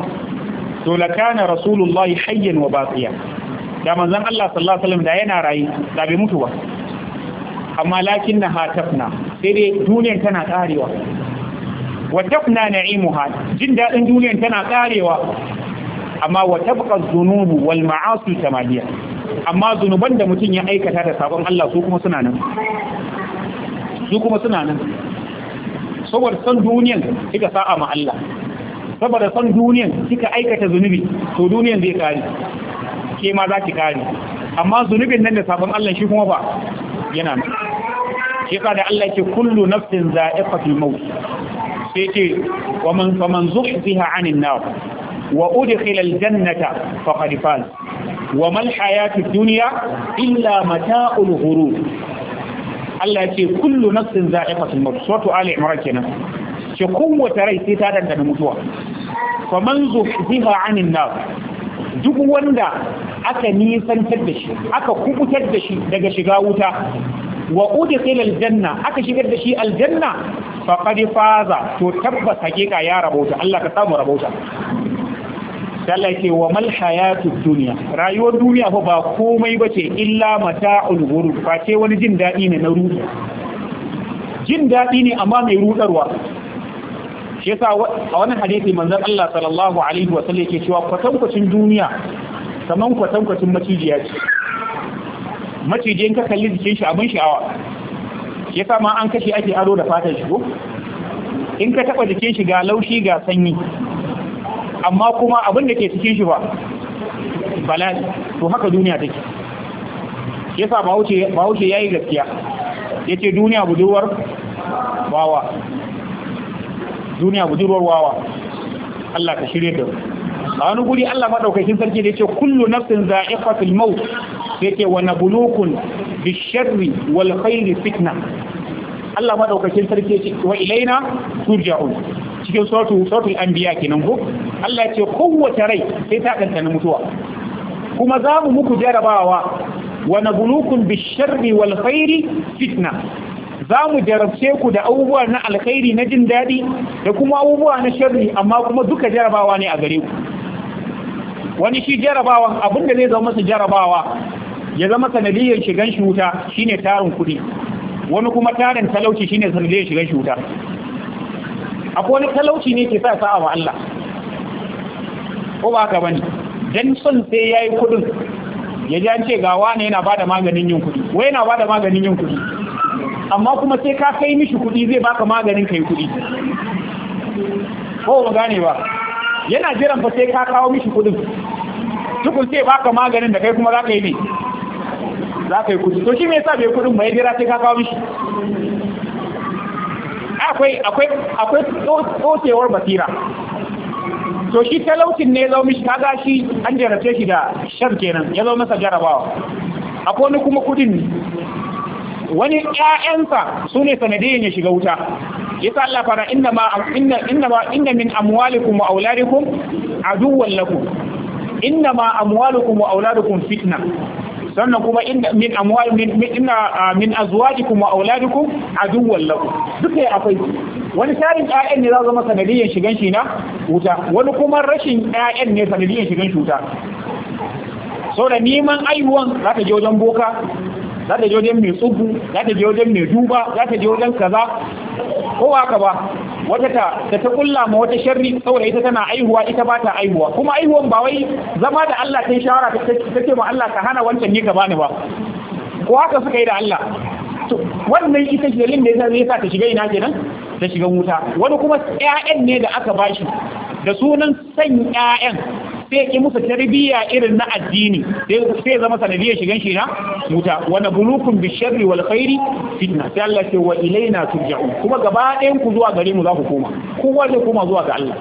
to la kana rasulullahi hayyan wa baqiya da manzon Allah sallallahu alaihi wasallam da yana rayu da bai mutu ba amma lakin na hatafna sai dai duniyar tana karewa wa tafna na'imuha jin dadin duniyar tana karewa amma wa tabqa dhunubu wal ma'asi tamadiya amma zunuban da mutum ya aikata da sabon Allah su kuma suna nan su kuma suna nan saboda san duniyan kika sa'a ma Allah saboda san duniyan kika aikata zunubi to duniyan zai kare ke ma za ki kare amma zunubin nan da sabon Allah shi kuma ba yana nan shi da Allah ke kullu nafsin za'iqatul maut sai ce wa man faman zuhziha 'anil nar wa udkhila al-jannata faqad faz wa mal hayatud dunya illa mata'ul ghurur Allah ce kullu nafsin za'iqatul maut suratu ali imran kenan ce kowace rai sai ta dangana mutuwa faman zuhziha 'anil nar duk wanda aka nisantar da shi aka kubutar da shi daga shiga wuta wa udkhila aljanna aka shigar da shi aljanna faqad faza to tabbas hakika ya rabauta Allah ka samu rabauta Allah yake wa mal hayatu dunya rayuwar duniya fa ba komai bace illa mata'ul ghurur fa ce wani jin dadi ne na ruɗu jin dadi ne amma mai rudarwa shi yasa a wani hadisi manzon Allah sallallahu alaihi wa sallam yake cewa kwatankwacin duniya kaman kwatankwacin macijiya ce macijiyan ka kalli jikin shi abin sha'awa shi yasa ma an kashe ake aro da fatan shi ko in ka taba jikin shi ga laushi ga sanyi amma kuma abin da ke cikin shi ba bala'i to haka duniya take yasa ba wuce ya yi gaskiya yace duniya budurwar bawa duniya budurwar wawa Allah ka shirye da a wani guri Allah maɗaukakin sarki da yake kullu nafsin za'iqatul maut yake wa nabluukun bisharri wal khairi fitna Allah maɗaukakin sarki yake wa ilaina turja'un cikin suratul suratul anbiya kenan ko Allah ce kowace rai sai ta kanta mutuwa kuma za mu muku jarabawa wa nabluukun bisharri wal khairi fitna za mu jarabce ku da abubuwa na alkhairi na jin daɗi da kuma abubuwa na sharri amma kuma duka jarabawa ne a gare ku wani shi jarabawan abinda zai zama masa jarabawa ya zama sanadiyar shigan shi shine tarin kuɗi wani kuma tarin talauci shine sanadiyar shigan shuta. akwai wani talauci ne ke sa sa'a wa Allah ko ba ka bani? dan son sai yayi kuɗin ya ji an ce ga wani yana bada maganin yin kuɗi wai yana bada maganin yin kuɗi amma kuma sai ka kai mishi kuɗi zai baka maganin kai kuɗi ko ba gane ba yana jiran fa sai ka kawo mishi kuɗin tukun sai baka maganin da kai kuma za ka yi ne za ka yi kuɗi to shi me yasa bai kuɗin ba ya jira sai ka kawo mishi akwai akwai akwai tsotewar basira to shi talaucin ne ya mishi kaga shi an jarabce shi da shar kenan ya zo masa jarabawa akwai wani kuma kudin wani ƴaƴansa su ne sanadiyan ya shiga wuta yasa Allah fara inna ma inna inna ma inna min amwalikum wa auladikum aduwwan lakum inna ma amwalukum wa auladukum fitna sannan kuma inna min amwal min inna min azwajikum wa auladikum aduwwan lakum duka akwai wani sharin ƴaƴan ne za zama sanadiyan shigan shi na wuta wani kuma rashin ƴaƴan ne sanadiyan shigan shi wuta saboda neman aiwuwan za ta je wajen boka za ta je wajen mai tsubu za ta je wajen mai duba za ta je wajen kaza ko haka ba wata ta ta ta kulla ma wata sharri saboda ita tana aihuwa ita ba ta aihuwa kuma aihuwan ba wai zama da Allah ta shawara ta ce ma Allah ka hana wancan ne ka bani ba ko haka suka yi da Allah to wannan ita jalin ne zai sa ta shiga ina kenan ta shiga wuta wani kuma ƴaƴan ne da aka bashi da sunan san ƴaƴan sai ki musu tarbiyya irin na addini sai zama sanadiyar shigan shi na wuta wa nabulukum bisharri wal khairi fitna sai Allah ce wa ilaina turja'un kuma gaba ɗayan ku zuwa gare mu za ku koma kowa zai koma zuwa ga Allah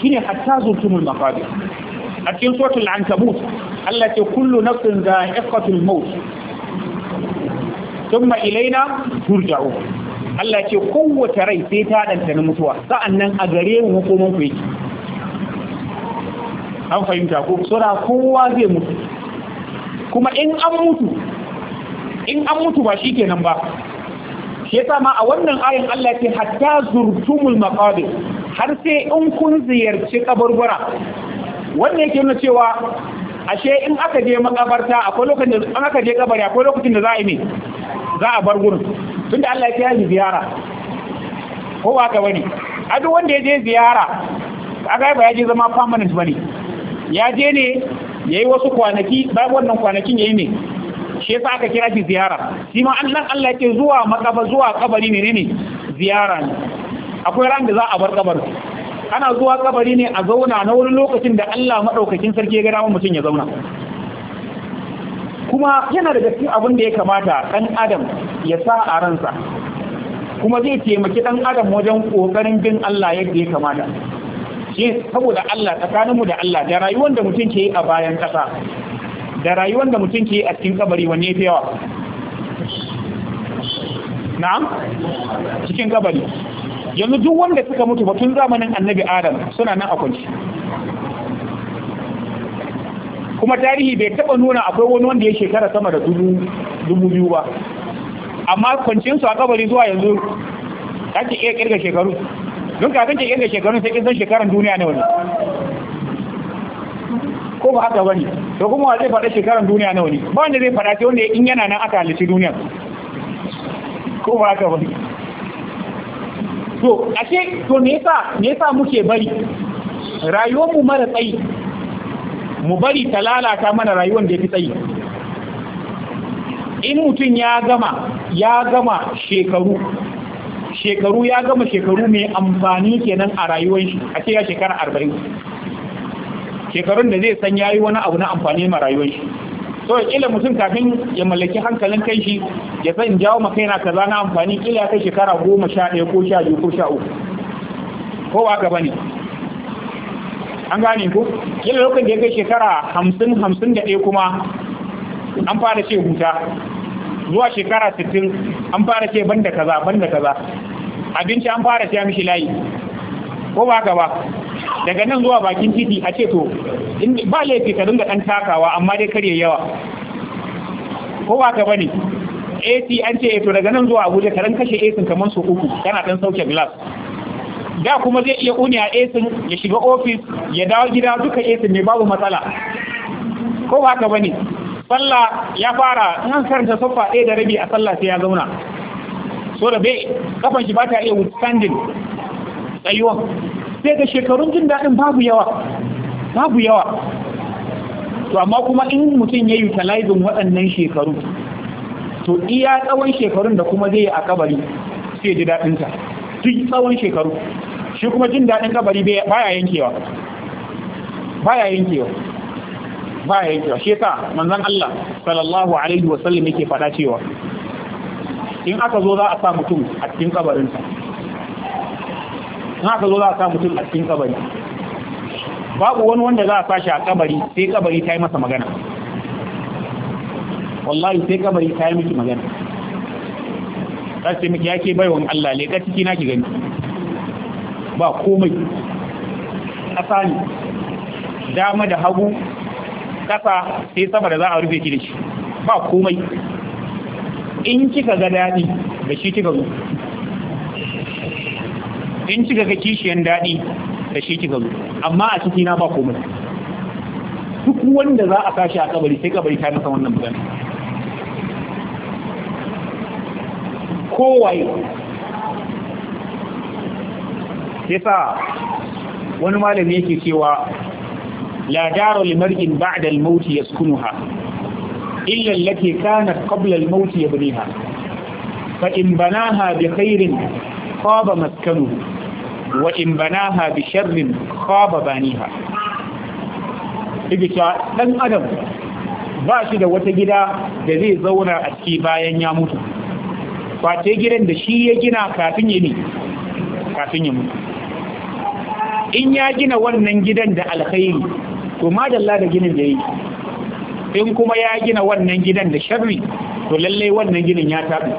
shine hatta zurtumul maqabir a cikin suratul ankabut Allah ce kullu nafsin za'iqatul maut thumma ilaina turja'u Allah ce kowace rai sai ta danta na mutuwa Sa'an nan a gare mu hukumin ku yake an fahimta ko sura kowa zai mutu kuma in an mutu in an mutu ba shi kenan ba shi yasa ma a wannan ayin Allah ce hatta zurtumul maqabir har sai in kun ziyarci kaburbura wannan yake nuna cewa ashe in aka je makabarta akwai lokacin da aka je kabari akwai lokacin da za a yi ne za a bar gurin tunda Allah ya yi ziyara ko ba ka bane a duk wanda ya je ziyara a ba ya je zama permanent bane ya je ne yayi wasu kwanaki bayan wannan kwanakin yayi ne shi yasa aka kira shi ziyara shi ma Allah Allah ya ce zuwa makaba zuwa kabari ne ne ziyara ne akwai ran da za a bar kabar ana zuwa kabari ne a zauna na wani lokacin da Allah madaukakin sarki ya ga mutum ya zauna kuma yana da gaske abin da ya kamata ɗan adam ya sa a ransa kuma zai taimaki ɗan adam wajen ƙoƙarin bin Allah yadda ya kamata shi saboda Allah tsakaninmu da Allah da rayuwar da mutum ke yi a bayan ƙasa da rayuwar da mutum ke yi a cikin kabari wanne ya fi yawa na'am cikin kabari yanzu duk wanda suka mutu batun zamanin annabi adam suna nan a kwanci kuma tarihi bai taba nuna akwai wani wanda ya shekara sama da dubu biyu ba amma kwancin su a kabari zuwa yanzu kake ce iya kirga shekaru don ka ta kirga shekaru sai san shekaran duniya ne wani ko ba haka bane to kuma wa zai faɗa shekaran duniya nawa ne ba wanda zai faɗa sai wanda in yana nan aka halici duniya ko ba haka bane to ashe to me yasa me yasa muke bari rayuwar mu mara tsayi mu bari ta lalata mana rayuwar da ya fi tsayi in mutum ya gama ya gama shekaru shekaru ya gama shekaru mai amfani kenan a rayuwar shi a cikin ya shekara arba'in shekarun da zai san yayi wani abu na amfani ma rayuwar shi so ila mutum kafin ya mallaki hankalin kai shi ya san in jawo maka yana kaza na amfani ila ya kai shekara goma sha ɗaya ko sha biyu ko sha uku ko ba ka bane an gane ko kila lokacin da ya kai shekara hamsin hamsin da ɗaya kuma an fara ce huta zuwa shekara sittin an fara ce banda kaza banda kaza abinci an fara ce mishi layi ko ba ka ba daga nan zuwa bakin titi a ce to ba laifi ka dinga ɗan takawa amma dai karye yawa ko ba ka ba ne AC an ce to daga nan zuwa Abuja ka dan kashe AC kamar su uku kana ɗan sauke glass da kuma zai iya kuni a esin ya shiga ofis ya dawo gida duka esin ne babu matsala ko ba ka bane sallah ya fara nan karanta saffa ɗaya da rabi a sallah sai ya zauna so da bai kafan shi ba ta iya withstanding tsayuwa sai ga shekarun jin daɗin babu yawa babu yawa to amma kuma in mutum ya yi utilizing waɗannan shekaru to iya tsawon shekarun da kuma zai yi a kabari sai ji daɗinta duk tsawon shekaru shi kuma jin daɗin kabari baya yankewa baya yankewa baya yankewa shi ta manzan Allah sallallahu alaihi wa yake faɗa cewa in aka zo za a sa mutum a cikin kabarinsa in aka zo za a sa mutum a cikin kabari babu wani wanda za a sa shi a kabari sai kabari ta yi masa magana wallahi sai kabari ta yi miki magana ta ce miki ya ke baiwan Allah leƙa ciki na ki gani ba komai ƙasa ne dama da hagu ƙasa sai sama da za a rufe ki da shi ba komai in kika ga daɗi da shi kika zo in kika ga kishiyan daɗi da shi kika zo amma a ciki na ba komai duk wanda za a sashi a kabari sai kabari ta masa wannan magana kowaye yasa wani malami yake cewa la daru limar'in ba'da al-maut yaskunuha illa allati kanat qabla al-maut yabniha fa in banaha bi khairin khaba maskanuhu wa in banaha bi sharrin khaba baniha ibita dan adam ba shi da wata gida da zai zauna a ciki bayan ya mutu ta gidan da shi ya gina kafin ya ne kafin ya mutu in ya gina wannan gidan da alkhairi to madalla da ginin da yi in kuma ya gina wannan gidan da sharri to lallai wannan ginin ya tabi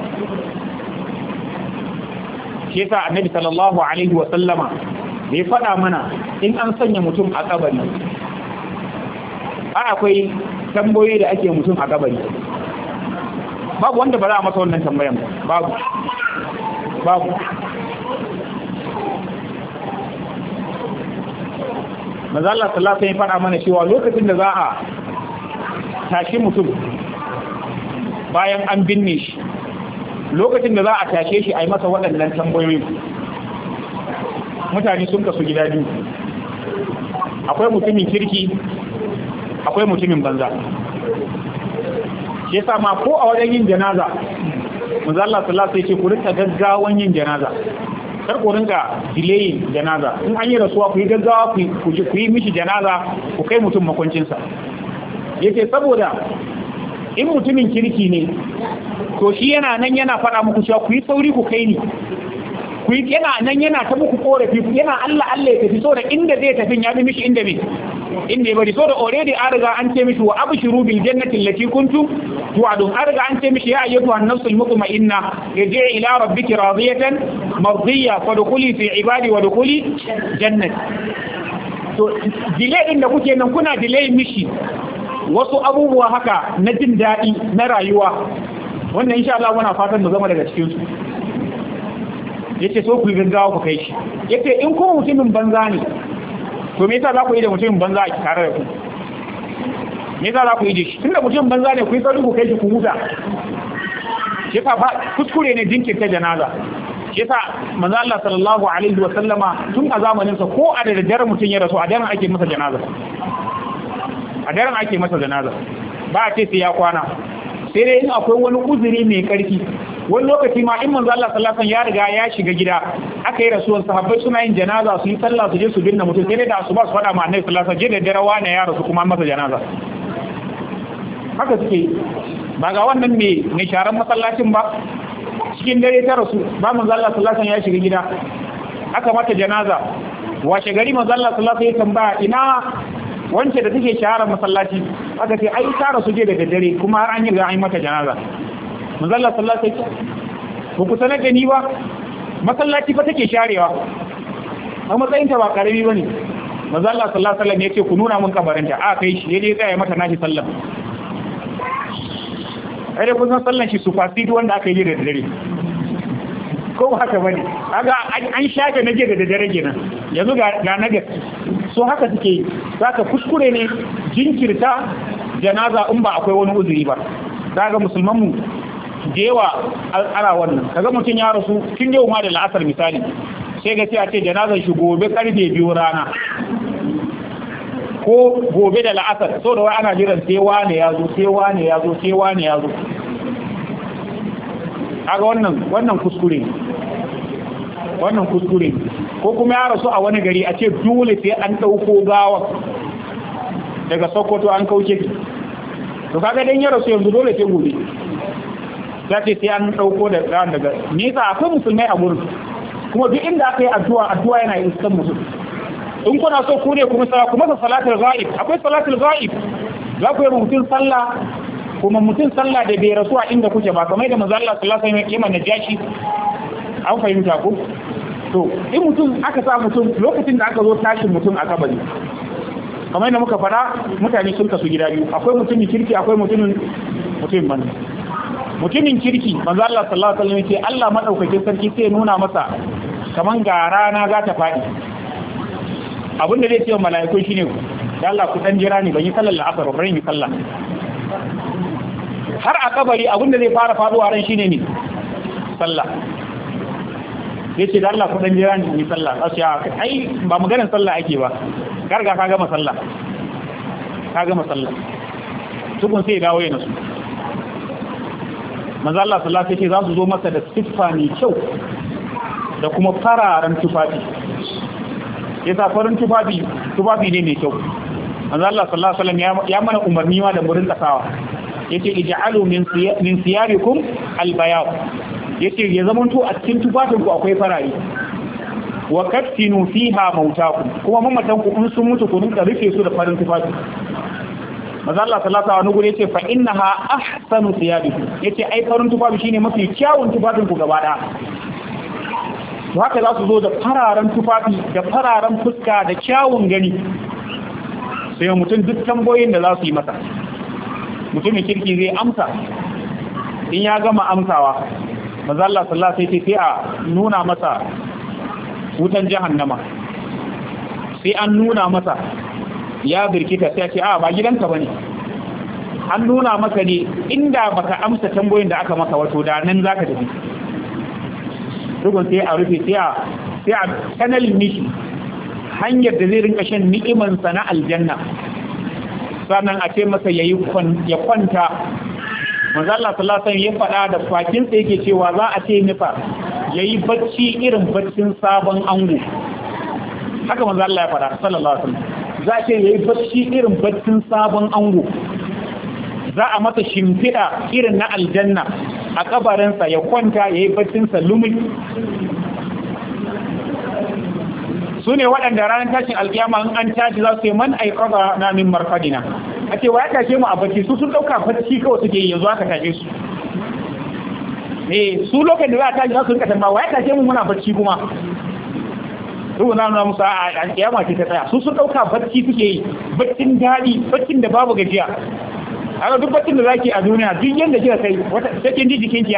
shi yasa annabi sallallahu alaihi wa sallama bai fada faɗa mana in an sanya mutum a kabari a akwai tambayoyi da ake mutum a kabari babu wanda ba za a masa wannan tambayan babu babu maza Allah sallallahu alaihi wasallam ya faɗa mana cewa lokacin da za a tashi mutum bayan an binne shi lokacin da za a tashe shi ai masa waɗannan tambayoyi mutane sun kasu gida biyu akwai mutumin kirki akwai mutumin banza shi yasa ma ko a wajen yin janaza maza Allah sallallahu alaihi wasallam ya ce ku rinka gaggawan yin janaza kar ku rinka delay janaza in an yi rasuwa ku yi gaggawa ku yi mishi janaza ku kai mutum makwancinsa yake saboda in mutumin kirki ne to shi yana nan yana faɗa muku cewa ku yi sauri ku kai ni ku yi yana nan yana ta muku korafi yana Allah Allah ya tafi so da inda zai tafi ya bi mishi inda bi inda ya bari so da already an riga an ce mishi wa abshiru bil jannati allati kuntum don an riga an ce mishi ya ayyatu an nafsul mutma'inna yaji ila rabbiki radiyatan mardiya fadkhuli fi ibadi wa dkhuli jannati to dile din da kuke nan kuna dile mishi wasu abubuwa haka na jin daɗi na rayuwa wannan insha Allah muna fatan mu zama daga cikin su ya ce so ku yi gaggawa ku kai shi ya ce in kuma mutumin banza ne to me yasa za ku yi da mutumin banza a tare da ku me yasa za ku yi da shi tunda mutumin banza ne ku yi sauri ku kai shi ku huta shi yasa ba kuskure ne jinkirta janaza shi yasa manzo Allah sallallahu alaihi wa sallama tun a zamanin sa ko a da daren mutum ya rasu a daren ake masa janaza a daren ake masa janaza ba a ce sai ya kwana sai dai in akwai wani uzuri mai karfi wani lokaci ma in manzo Allah sallallahu alaihi wasallam ya riga ya shiga gida aka yi rasuwan sahabbai suna yin janaza su yi sallah su je su binne mutum sai dai da ba su faɗa ma annabi sallallahu alaihi wasallam je da dare wani ya rasu kuma masa janaza haka suke ba ga wannan mai mai sharan masallacin ba cikin dare ta rasu ba manzo Allah sallallahu alaihi wasallam ya shiga gida aka mata janaza washe gari manzo Allah sallallahu alaihi wasallam ya tambaya ina wance da take shahara masallaci aka ce ai tara su je da daddare kuma har an yi an mata janaza manzalla sallallahu alaihi ba ku sanar da ni ba masallaci fa take sharewa a matsayin ta ba karami bane manzalla sallallahu alaihi wasallam yace ku nuna mun kabarinta a kai shi yaje tsaya mata nashi sallam ai da kun san sallan shi su fasidu wanda aka yi da daddare ko ba haka bane kaga an shafe na da dare nan yanzu ga na gaske so haka take yi zaka kuskure ne jinkirta janaza in ba akwai wani uzuri ba zaga musulman mu da yawa ana wannan kaga mutun ya rasu kin yau ma da la'asar misali sai ga sai a ce janazar shi gobe karfe biyu rana ko gobe da la'asar so da wai ana jiran sai wane ya zo sai wane ya zo sai wane ya zo kaga wannan wannan kuskure wannan kuskure ko kuma ya rasu a wani gari a ce dole sai an dauko gawa daga Sokoto an kauce to kaga dan ya rasu yanzu dole sai gobe za ce sai an dauko da gawa daga nisa akwai musulmai a gurin kuma duk inda aka yi addu'a addu'a yana iskan musulmi in kuna so ku ne kuma sa kuma salatul ghaib akwai salatul ghaib za ku yi rubutun sallah kuma mutum sallah da bai rasuwa a inda kuke ba kamar da manzo Allah sallallahu alaihi wasallam ya manna jashi an fahimta ko to in mutum aka sa mutum lokacin da aka zo tashin mutum a kabari kamar da muka fara mutane sun kasu gida biyu akwai mutumin kirki akwai mutumin mutum ban mutumin kirki manzo Allah sallallahu alaihi wasallam ce Allah madaukakin sarki sai nuna masa kaman ga rana za ta fadi abin da zai ce wa mala'iku shine da Allah ku dan jira ni ban yi sallar la'asar ban yi sallah har a kabari abinda zai fara faruwa ran shine ne sallah yace da Allah ku dan jira ni sallah sai ai ba mu ganin sallah ake ba garga ka gama sallah ka gama sallah tukun sai dawo yana su manzo Allah sallallahu alaihi wasallam za su zo masa da siffa mai kyau da kuma fararen tufafi yasa farin tufafi tufafi ne mai kyau manzo Allah sallallahu alaihi wasallam ya mana umarni ma da murin kasawa yace ij'alu min min siyarikum albayad yace ya zamanto a cikin tufafin ku akwai farare wa kaftinu fiha mautakum kuma matan ku sun mutu ku rinka su da farin tufafi maza Allah sallallahu alaihi sallam yace fa innaha ahsanu siyarikum yace ai farin tufafi shine mafi kyawun tufafin ku gaba daya to haka za su zo da fararen tufafi da fararen fuska da kyawun gani sai mutum duk tamboyin da za su yi masa mutumin kirki zai amsa in ya gama amsawa mazalla sallah sai ce sai a nuna masa wutan jahannama sai an nuna masa ya birkita sai ce a ba gidanka bane an nuna maka ne inda baka amsa tambayoyin da aka maka wato da nan zaka tafi dukun sai a rufe sai a sai a kanal mishi hanyar da zai rinka shan ni'iman sana aljanna sannan a ce masa ya kwanta mazalla salatan ya faɗa da fakin sa yake cewa za a ce nifa yi bacci irin baccin sabon ango haka mazalla ya faɗa sallallahu za a ce yi bacci irin baccin sabon ango za a masa shimfiɗa irin na aljanna a kabarinsa ya kwanta ya baccin baccinsa lumi su ne waɗanda ranar tashin alkiyama in an caji za su yi man aikaba na min marfadina a ce wa ya tashe mu a bacci su sun ɗauka bacci kawai suke yi yanzu aka tashe su ne eh, su lokacin da za a tashi za su rika tamba wa ya tashe mu muna bacci kuma su na nuna musu a alkiyama ce ta tsaya su sun ɗauka bacci suke yi baccin daɗi baccin da babu gajiya haka duk baccin da za zaki a duniya duk yadda kira kai wata cikin jikin ki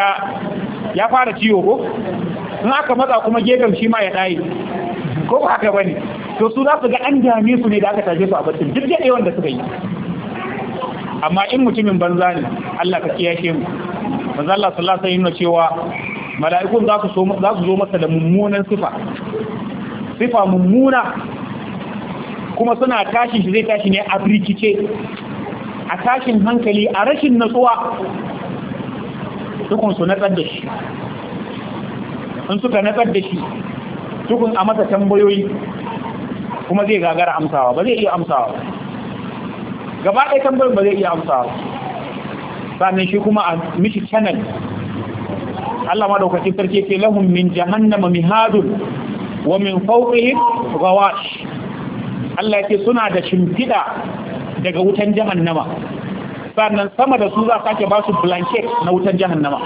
ya fara ciwo ko in aka matsa kuma gegan shi ma ya ɗaye ko ba haka bane to su za su ga an dame su ne da aka tashe su a bacin duk daɗe wanda suka yi amma in mutumin banza ne Allah ka kiyashe mu manzo Allah sallallahu alaihi wasallam cewa mala'ikun za su za su zo masa da mummunan sifa sifa mummuna kuma suna tashi shi zai tashi ne a birkice a tashin hankali a rashin natsuwa dukun su na da shi in suka na da shi tukun a masa tambayoyi kuma zai gagara amsawa ba zai iya amsawa gaba ɗaya tambayoyin ba zai iya amsawa sannan shi kuma a mishi channel da madaukakin sarki ke lahun min jahannama mihadun wa min fawqihim ghawash Allah ke suna da shimfiɗa daga wutan jahannama sannan sama da su za sake ba su blanket na wutan jahannama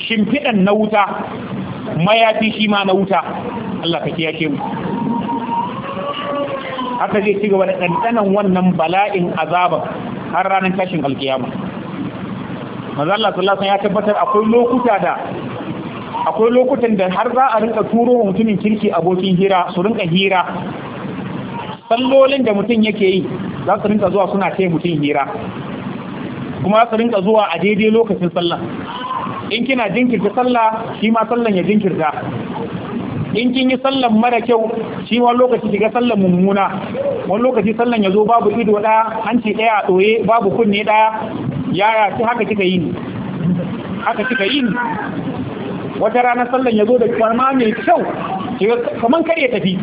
Shimfiɗan na wuta mayafi shi ma na wuta Allah ka kiyaye mu haka zai ci gaba da ɗanɗanan wannan bala'in azaba har ranar tashin alkiyama maza Allah sallallahu ya tabbatar akwai lokuta da akwai lokutan da har za a rinka turo mutumin kirki abokin hira su rinka hira sallolin da mutum yake yi za su rinka zuwa suna taya mutum hira kuma za su rinka zuwa a daidai lokacin sallah in kina jinkirta sallah shi ma sallan ya jinkirta in kin yi sallan mara kyau shi wani lokaci shiga sallan mummuna wani lokaci sallan ya zo babu ido ɗaya hanci ɗaya a ɗoye babu kunne ɗaya yaya ci haka kika yi haka kika yi wata ranar sallan ya zo da kwarma mai kyau kaman kare tafi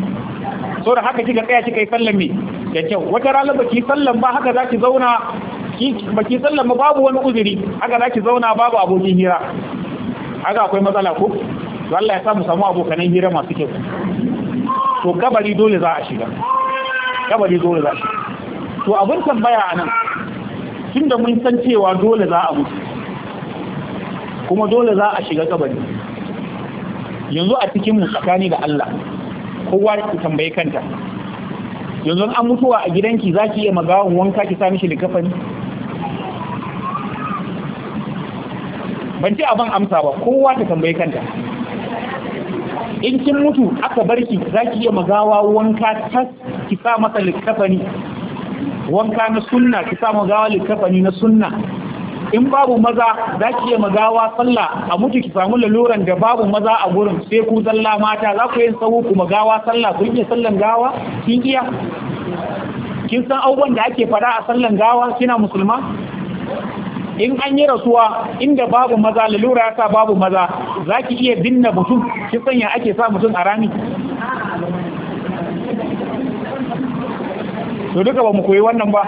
so da haka kika tsaya kika yi sallan mai da kyau wata ranar ba ki sallan ba haka za ki zauna baki ma babu wani uzuri haka zaki zauna babu abokin hira haka akwai matsala ko Allah ya samu samu abokanan hira masu kyau to kabari dole za a shiga kabari dole za a shiga to abin tambaya a nan da mun san cewa dole za a mutu kuma dole za a shiga kabari yanzu a cikin mu tsakani da Allah kowa ya tambaye kanta yanzu an mutuwa a gidanki zaki iya magawan wanka ki sa mishi likafani ban ce abin amsa ba kowa ta tambayi kanta in kin mutu aka bar ki za ki iya magawa wanka ta ki sa masa likkafani wanka na sunna ki sa magawa littafani na sunna in babu maza za ki iya magawa sallah a mutu ki samu laluran da babu maza a gurin sai ku zalla mata za ku yin sahu ku magawa sallah ku iya sallan gawa kin iya kin san abubuwan da ake fara a sallan gawa kina musulma in an yi rasuwa inda babu maza lalura ya sa babu maza za ki iya binna mutum shi sanya ake sa mutum a rami to duka ba mu koyi wannan ba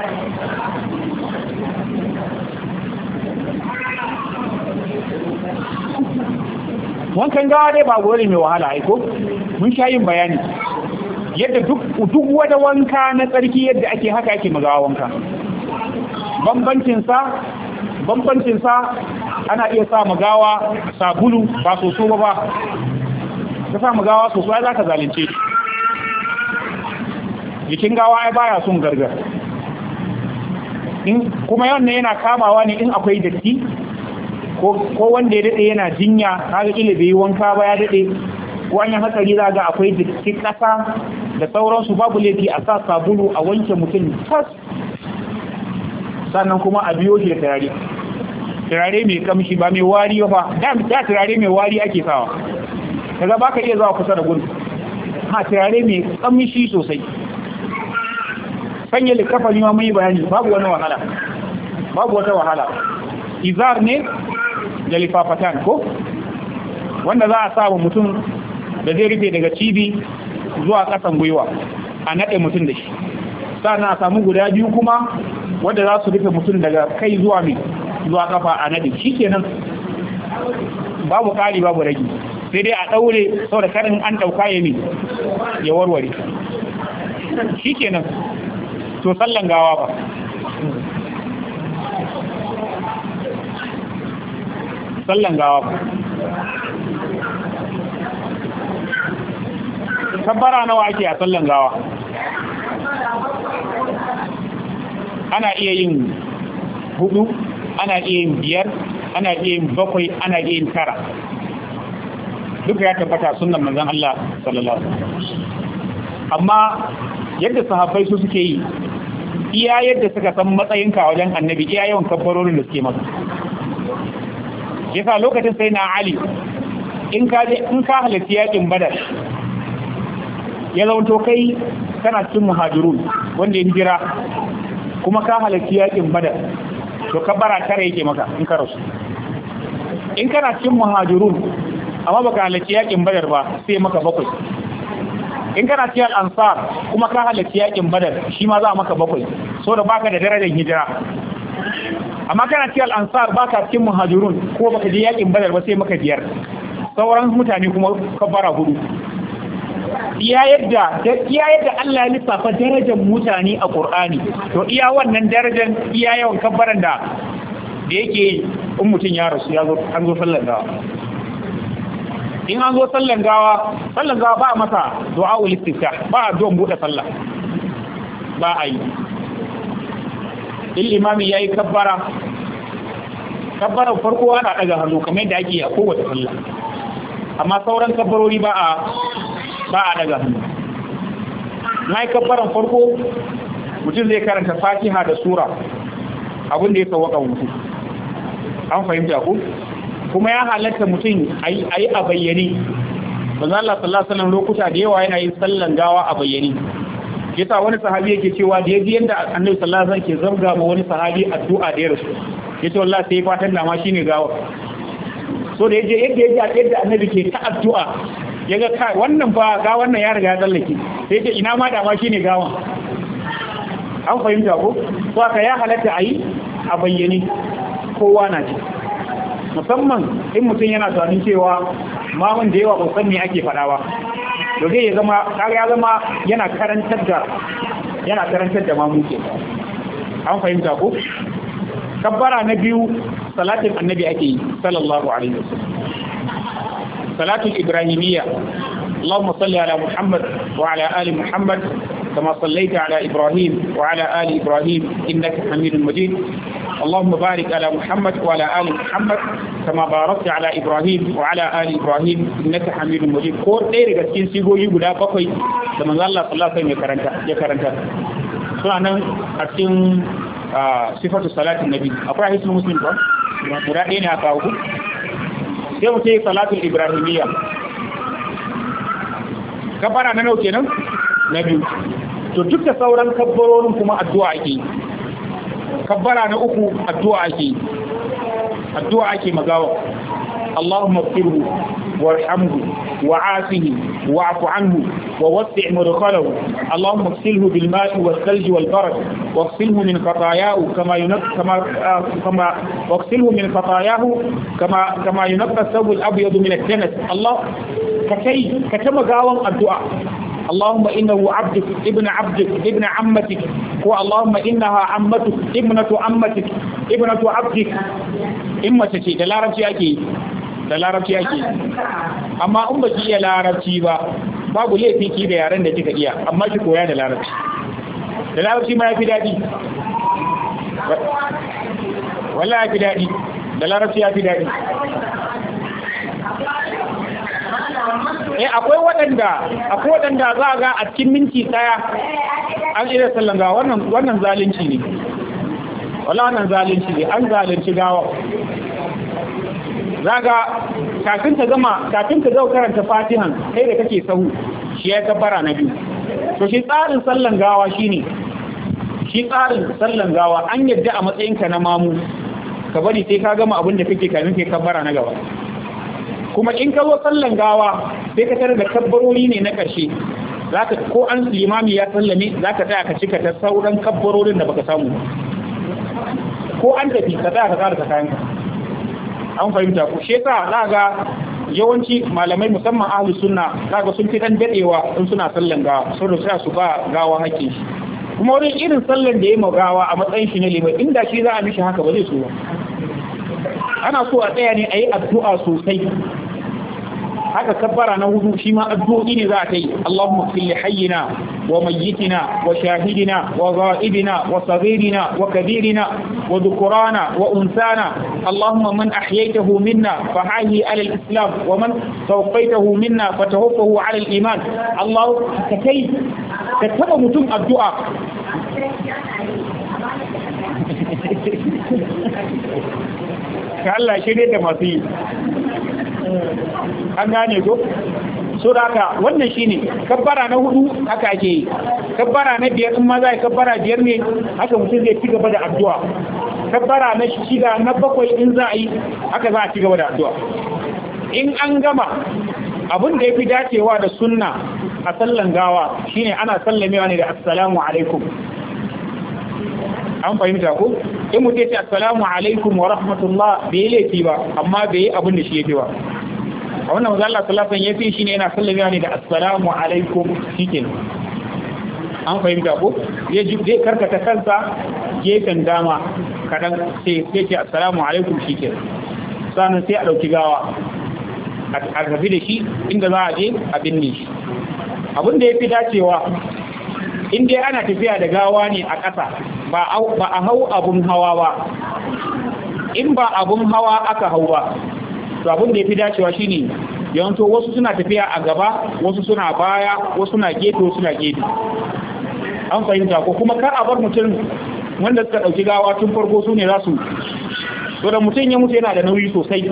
wankan gawa dai ba gore mai wahala aiko mun sha yin bayani yadda duk wani wanka na tsarki yadda ake haka ake magawa wanka bambancinsa bambancin sa ana iya sa magawa sabulu ba soso ba ba ka sa magawa soso ai zaka zalunce jikin gawa ai baya son garga. kuma yawan yana kamawa ne in akwai datti ko wanda ya daɗe yana jinya kaga ile bai wanka ba ya daɗe ko an yi hatsari za ga akwai datti ƙasa da sauransu babu laifi a sa sabulu a wanke mutum tas sannan kuma a biyo shi da tayari turare mai kamshi ba mai wari ba da turare mai wari ake sawa kaga baka iya zuwa kusa da gurin ha turare mai kamshi sosai sanya ne ma mai bayani babu wani wahala babu wata wahala izar ne da lifafatan ko wanda za a sawa mutum da zai rufe daga cibi zuwa kasan gwiwa a naɗe mutum da shi sannan a samu guda biyu kuma wadda za su rufe mutum daga kai zuwa mai zuwa kafa a nadi nan babu kari babu ragi sai dai a daure saboda karin an dauka ya ne ya warware nan to sallan gawa ba sallan gawa ba kabbara nawa ake a sallan gawa ana iya yin hudu ana iya yin biyar ana iya yin bakwai ana iya yin tara duka ya tabbata sunan manzon Allah sallallahu alaihi wasallam amma yadda sahabbai su suke yi iya yadda suka san matsayinka wajen annabi iya yawan kabbarorin da suke masa yasa lokacin sai na ali in ka je in ka halarci yakin badar ya zaunto kai kana cikin muhajirun wanda ya jira kuma ka halarci yakin badar to ka bara kare yake maka in ka rasu in kana cikin muhajirun amma baka halarci yakin badar ba sai maka bakwai in kana cikin al'ansar kuma ka halarci yakin badar shi ma za a maka bakwai so da baka da darajar hijira amma kana cikin al'ansar baka cikin muhajirun ko baka je yakin badar ba sai maka biyar sauran mutane kuma ka bara hudu iya yadda iya yadda Allah ya lissafa darajar mutane a Qur'ani to iya wannan darajar iya yawan kabbaran da da yake in mutum ya rasu ya zo an zo sallan gawa in an zo sallan gawa sallan gawa ba masa du'a ul istiftah ba addu'an bude sallah ba a yi in imami yayi kabbara kabbarar farko ana daga hannu kamar yadda ake a kowace sallah amma sauran kabbarori ba a ba a daga hannu na yi kabbaran farko mutum zai karanta fatiha da sura abin da ya sawaka mutu an fahimta ku kuma ya halatta mutum a yi a bayyane manzo Allah sallallahu lokuta da yawa yana yin sallan gawa a bayyane yasa wani sahabi yake cewa da ji yadda annabi sallallahu alaihi wasallam ke zarga ma wani sahabi addu'a da ya rasu yace wallahi sai fatan da ma shine gawa so da yaje yadda yaje yadda annabi ke ta addu'a ya ga kai wannan ba ga wannan ya riga ya tsallake sai ce ina ma dama shine gawa an fahimta ko to aka ya halatta a yi a bayyane kowa na ce musamman in mutum yana tunanin cewa mamun da yawa ba ne ake fada ba to zai ya zama kaga ya zama yana karantar da yana karantar da mamun ke an fahimta ko kabbara na biyu salatin annabi ake yi sallallahu alaihi wasallam الصلاة الإبراهيمية اللهم صل على محمد وعلى آل محمد كما صليت على إبراهيم وعلى آل إبراهيم إنك حميد مجيد اللهم بارك على محمد وعلى آل محمد كما باركت على إبراهيم وعلى آل إبراهيم إنك حميد مجيد كور دير كتين سيغو يغدا بقي كما قال الله صلى الله عليه وسلم يكرنتا سنة أتين صفة صلاة النبي أقرأ اسم مسلم قرأ دين أقاوه sai mu yi salatul ibrahimiyya kafara na nauke nan na biyu to duk da sauran kabbarorin kuma addu'a ake kabbara na uku addu'a ake addu'a ake magawa Allahumma firhu وارحمه وعافه واعف عنه ووسع مدخله اللهم اغسله بالماء والثلج والبرد واغسله من خطاياه كما ينقى كما آه كما واغسله من خطاياه كما كما ينقى الثوب الابيض من الدنس الله ككي كتم غاوان الدعاء اللهم إنه عبدك ابن عبدك ابن عمتك هو اللهم إنها عمتك ابنة عمتك ابنة عبدك إما تشيء لا رجع أكيد da larabci ake amma in baki iya larabci ba babu laifi ki da yaren da kika iya amma ki koya da larabci da larabci ma yafi daɗi wallahi yafi daɗi da larabci yafi daɗi eh akwai waɗanda akwai waɗanda za ga a cikin minti daya an ira sallan gawa wannan wannan zalunci ne wala wannan zalunci ne an zalunci gawa zaga kafin ka gama kafin ka zo karanta fatihan kai da kake sahu shi ya kabbara na biyu to shi tsarin sallan gawa shine shi tsarin sallan gawa an yadda a matsayin ka na mamu ka bari sai ka gama abin da kake kafin kai kabbara na gaba kuma in ka zo sallan gawa sai ka tare da kabbarori ne na karshe zaka ko an limami ya sallame zaka tsaya ka cika ta sauran kabbarorin da baka samu ko an tafi ka tsaya ka tsara ta kayan an fahimta ku shi yasa za ga yawanci malamai musamman ahlus sunna za ga sun fi dan dadewa in suna sallan gawa saboda sai su ba gawa hakki kuma wurin irin sallan da ya ma gawa a matsayin shi ne limai inda shi za a mishi haka ba zai so ba ana so a tsaya ne ayi addu'a sosai haka kabbara na wudu shi ma addu'o'i ne za a kai Allahumma fil hayyina wa mayyitina wa shahidina wa ghaibina wa saghirina wa kabirina wa dhukurana wa unsana Allahumma man ahyaytahu minna fa hayyi ala al-islam wa man tawqaytahu minna fa tawaffahu ala al-iman allahu ka ka taba mutum addu'a ka Allah shirye da masu yi an gane to so da haka wannan shine kabbara na hudu haka ake yi kabbara na biyar in ma za a kabbara biyar ne haka mutum zai ci gaba da addu'a kabbara na shida na bakwai in za a yi haka za a ci gaba da addu'a in an gama abin da ya fi dacewa da sunna a sallan gawa shine ana sallamewa ne da assalamu alaikum an fahimta ko in mutum ce assalamu alaikum wa rahmatullah bai laifi ba amma bai abin da shi yake ba a wannan maza Allah sallallahu alaihi wasallam shine yana sallama ne da assalamu alaikum cikin. an fahimta ko zai zai karkata kansa gefen dama kadan sai sai ce assalamu alaikum shike sannan sai a dauki gawa a tafi da shi inda za a je a binne shi abin da ya fi dacewa in dai ana tafiya da gawa ne a ƙasa ba a hau abun hawa ba in ba abun hawa aka hau ba to abun da ya fi dacewa shine yawanto wasu suna tafiya a gaba wasu suna baya wasu suna gefe suna gefe an fahimta ko kuma kar a bar mutum wanda suka ɗauki gawa tun farko su ne za su to da mutum ya mutu yana da nauyi sosai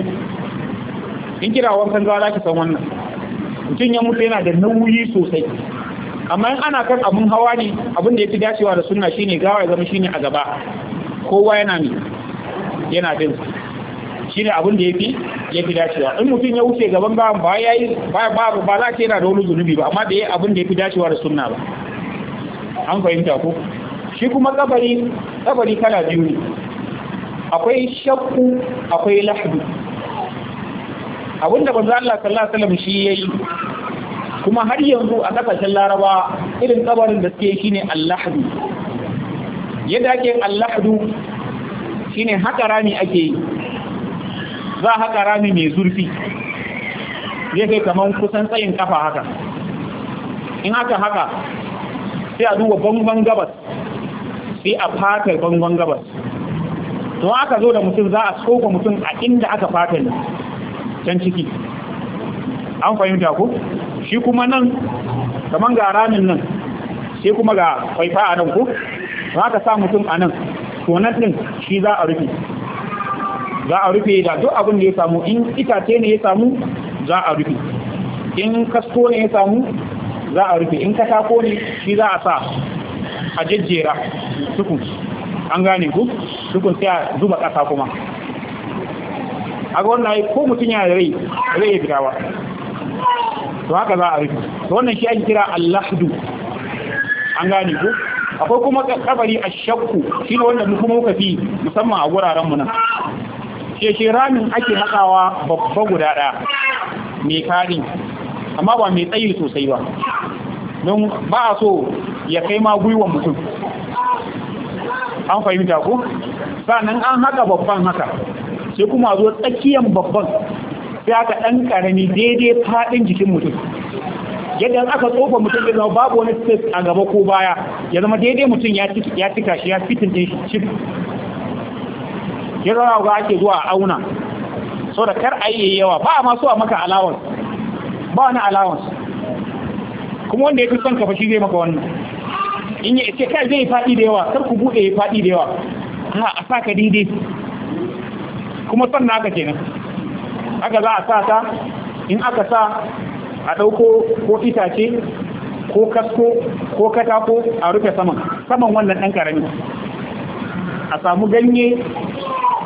in kira wankan gawa za ki san wannan mutum ya mutu yana da nauyi sosai amma in ana kan abun hawa ne abin da ya fi dacewa da suna shine gawa ya zama shine a gaba kowa yana ne yana bin shine abin da ya fi ya fi dacewa in mutum ya wuce gaban gawan ba ya yi ba ba za ce yana da wani zunubi ba amma da ya abin da ya fi dacewa da suna ba an fahimta ko shi kuma kabari kabari kala biyu ne akwai shakku akwai lahdu da ban Allah sallallahu alaihi wasallam shi yayi kuma har yanzu a kasashen laraba irin kabarin da suke shine allahdu yadda ake allahdu shine haka rami ake yi za haka rami mai zurfi zai kai kamar kusan tsayin kafa haka in haka haka sai a duba bangon gabas sai a fatar bangon gabas to aka zo da mutum za a soka mutum a inda aka fatar can ciki an fahimta ko shi kuma nan kaman ga ramin nan sai kuma ga faifa a nan ko Ba ka sa mutum a nan to din shi za a rufe za a rufe da duk abin da ya samu in itace ne ya samu za a rufe in kasko ne ya samu za a rufe in katako ne shi za a sa a jejjera tukun an gane ku tukun sai a zuba ƙasa kuma a ga wannan ko mutum yana rai rai ya fitawa to haka za a rufe wannan shi an kira al-lahdu an gane ko akwai kuma kabari a shakku shi ne wanda kuma muka fi musamman a wuraren mu nan shi ramin ake hakawa babba guda ɗaya mai kari amma ba mai tsayi sosai ba don ba a so ya kai ma gwiwan mutum an fahimta ko sannan an haka babban haka sai kuma a zo tsakiyan babban sai aka ɗan ƙarami daidai faɗin jikin mutum yadda aka tsofa mutum ya zama babu wani space a gaba ko baya ya zama daidai mutum ya cika shi ya fitin ɗin shi ya zama ga ake zuwa a auna Sau da kar a yi yawa ba a masu a maka allowance ba wani allowance kuma wanda ya fi son kafa shi zai maka wannan in ya ce kai zai faɗi da yawa kar ku buɗe ya faɗi da yawa a sa ka daidai kuma son na haka kenan aka za a sa ta in aka sa a ɗauko ko itace ko kasko ko katako a rufe saman saman wannan ɗan ƙarami a samu ganye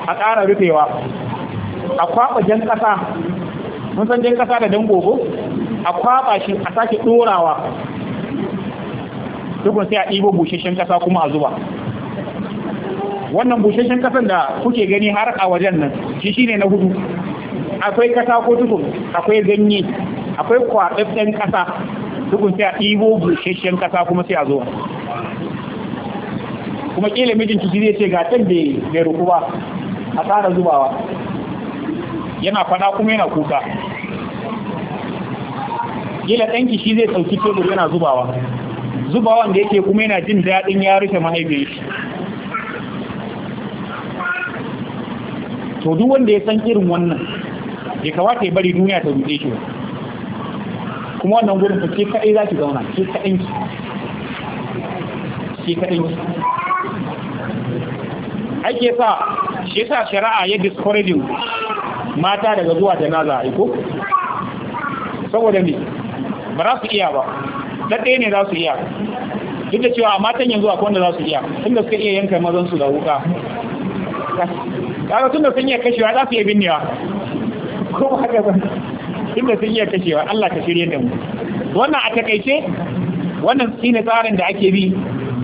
a ƙara rufewa a kwaɓa jan ƙasa mun san jan ƙasa da dangogo gogo a kwaɓa shi a sake ɗorawa dukkan sai a ɗibo busheshen ƙasa kuma a zuba wannan busheshen ƙasan da kuke gani har a wajen nan shi shine na hudu akwai katako tukun akwai ganye akwai kwaɗaɗɗen ƙasa tukun sai a ɗibo bushashshen ƙasa kuma sai a zo kuma ƙila mijin ciki zai ce ga can ya ruku ba a tsara zubawa yana faɗa kuma yana kuka ƙila ɗanki shi zai ɗauki tebur yana zubawa zubawan da yake kuma yana jin daɗin ya rufe mahaifiyar shi to duk wanda ya san irin wannan ya kawata ya bari duniya ta rute shi kuma wannan gudun ta ke kaɗai za ki zauna ke kaɗin ki ke kaɗin ki ake sa shi sa shari'a ya discouraging mata daga zuwa ta naza, aiko? saboda me ba za su iya ba ɗaɗɗe ne za su iya duk da cewa matan yanzu akwai wanda za su iya tun da suka iya yanka mazan su da wuka kaga da sun iya kashewa za su iya binnewa ko ba haka inda sun iya kashewa Allah ka shirye da mu wannan a takaice wannan shine tsarin da ake bi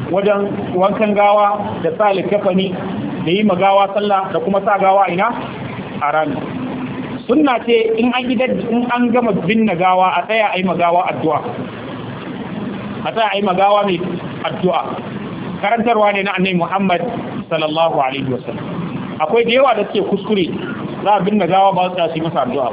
wajen wankan gawa da sa kafani da yi magawa sallah da kuma sa gawa ina a rana sunna ce in an gida in an gama binne gawa a tsaya yi magawa addu'a a tsaya yi magawa mai addu'a karantarwa ne na annabi Muhammad sallallahu alaihi wasallam akwai da yawa da suke kuskure za a binne gawa ba su yi masa addu'a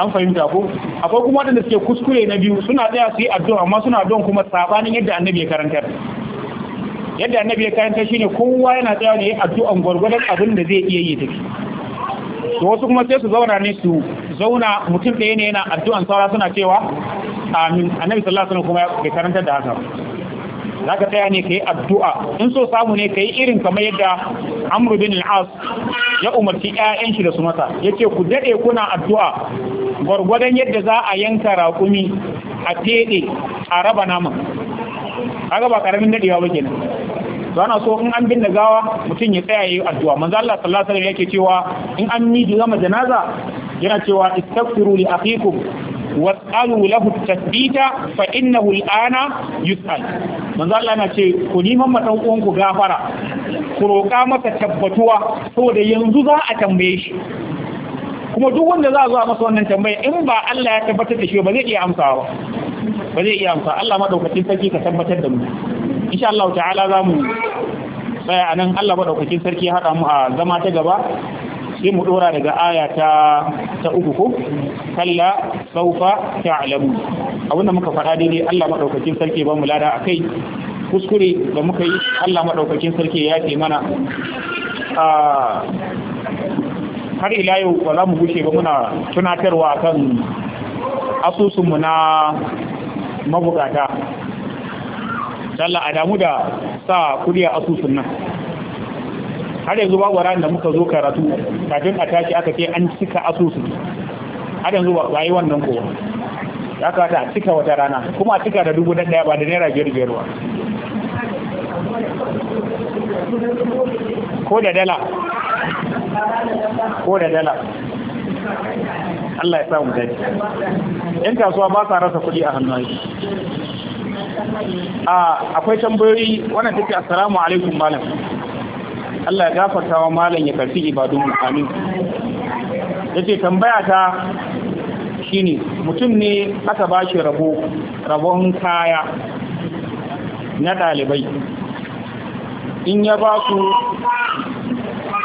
an fahimta ko akwai kuma wadanda suke kuskure na biyu suna tsaya su yi addu'a amma suna don kuma sabanin yadda annabi ya karantar yadda annabi ya karantar shine kowa yana tsaya ne addu'an gwargwadon abin da zai iya yi take to wasu kuma sai su zauna ne su zauna mutum ɗaya ne yana addu'an saura suna cewa amin annabi sallallahu alaihi wasallam kuma ya karantar da haka za ka tsaya ne ka yi addu'a in so samu ne ka yi irin kamar yadda amru bin al'as ya umarci 'ya'yan da su masa ya ce ku daɗe kuna addu'a gwargwadon yadda za a yanka raƙumi a teɗe a raba naman kaga ba ƙaramin daɗewa ba kenan to ana so in an binne gawa mutum ya tsaya yayi addu'a manzo Allah sallallahu alaihi wasallam yake cewa in an miji gama janaza yana cewa istaghfiru li akhikum was'alu lahu tasbita fa innahu al'ana yus'al manzo Allah na ce ku neman ma dan uwan gafara ku roƙa masa tabbatuwa saboda yanzu za a tambaye shi kuma duk wanda za a zuwa masa wannan tambaya in ba Allah ya tabbatar da shi ba zai iya amsawa ba zai iya amsa Allah madaukakin sarki ka tabbatar da mu insha Allah ta'ala za mu tsaya anan Allah madaukakin sarki ya haɗa mu a zama ta gaba sai mu dora daga aya ta ta uku ko kalla saufa ta'lamu da muka faɗa daidai Allah madaukakin sarki ba mu lada akai kuskure da muka yi Allah madaukakin sarki ya ce mana har ila yau ba za mu gushe ba muna tunatarwa kan asusunmu na mabukata. Dalla Adamu da sa kuɗi a asusun nan. har yanzu babu ran da muka zo karatu kafin a tashi aka ce an cika asusu har yanzu ba yi wannan kowa ya kata a cika wata rana kuma a cika da dubu ɗaya ba da naira biyar biyar ba ko da dala ko da dala Allah ya samu dai yan kasuwa ba sa rasa kuɗi a hannun a ah, akwai tambayoyi wannan take assalamu alaikum malam Allah ya gafarta wa malam ya karfi ibadun amin yace tambaya ta shine mutum ne aka bashi rabo rabon kaya na dalibai in ya ba su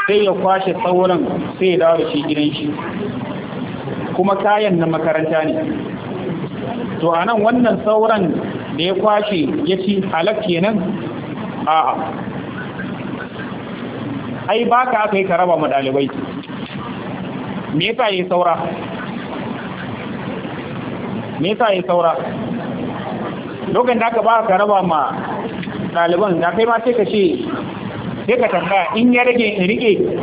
sai ya kwashe sauran sai ya dawo shi gidan shi kuma kayan na makaranta ne to anan wannan sauran da ya kwashe ya ci halak kenan a'a ai ba ka aka yi ka raba madalibai ɗalibai me yasa yi saura me yasa yi saura lokacin da aka ba ka raba ma ɗaliban da kai ma sai ka ce sai ka tambaya in ya rage in rike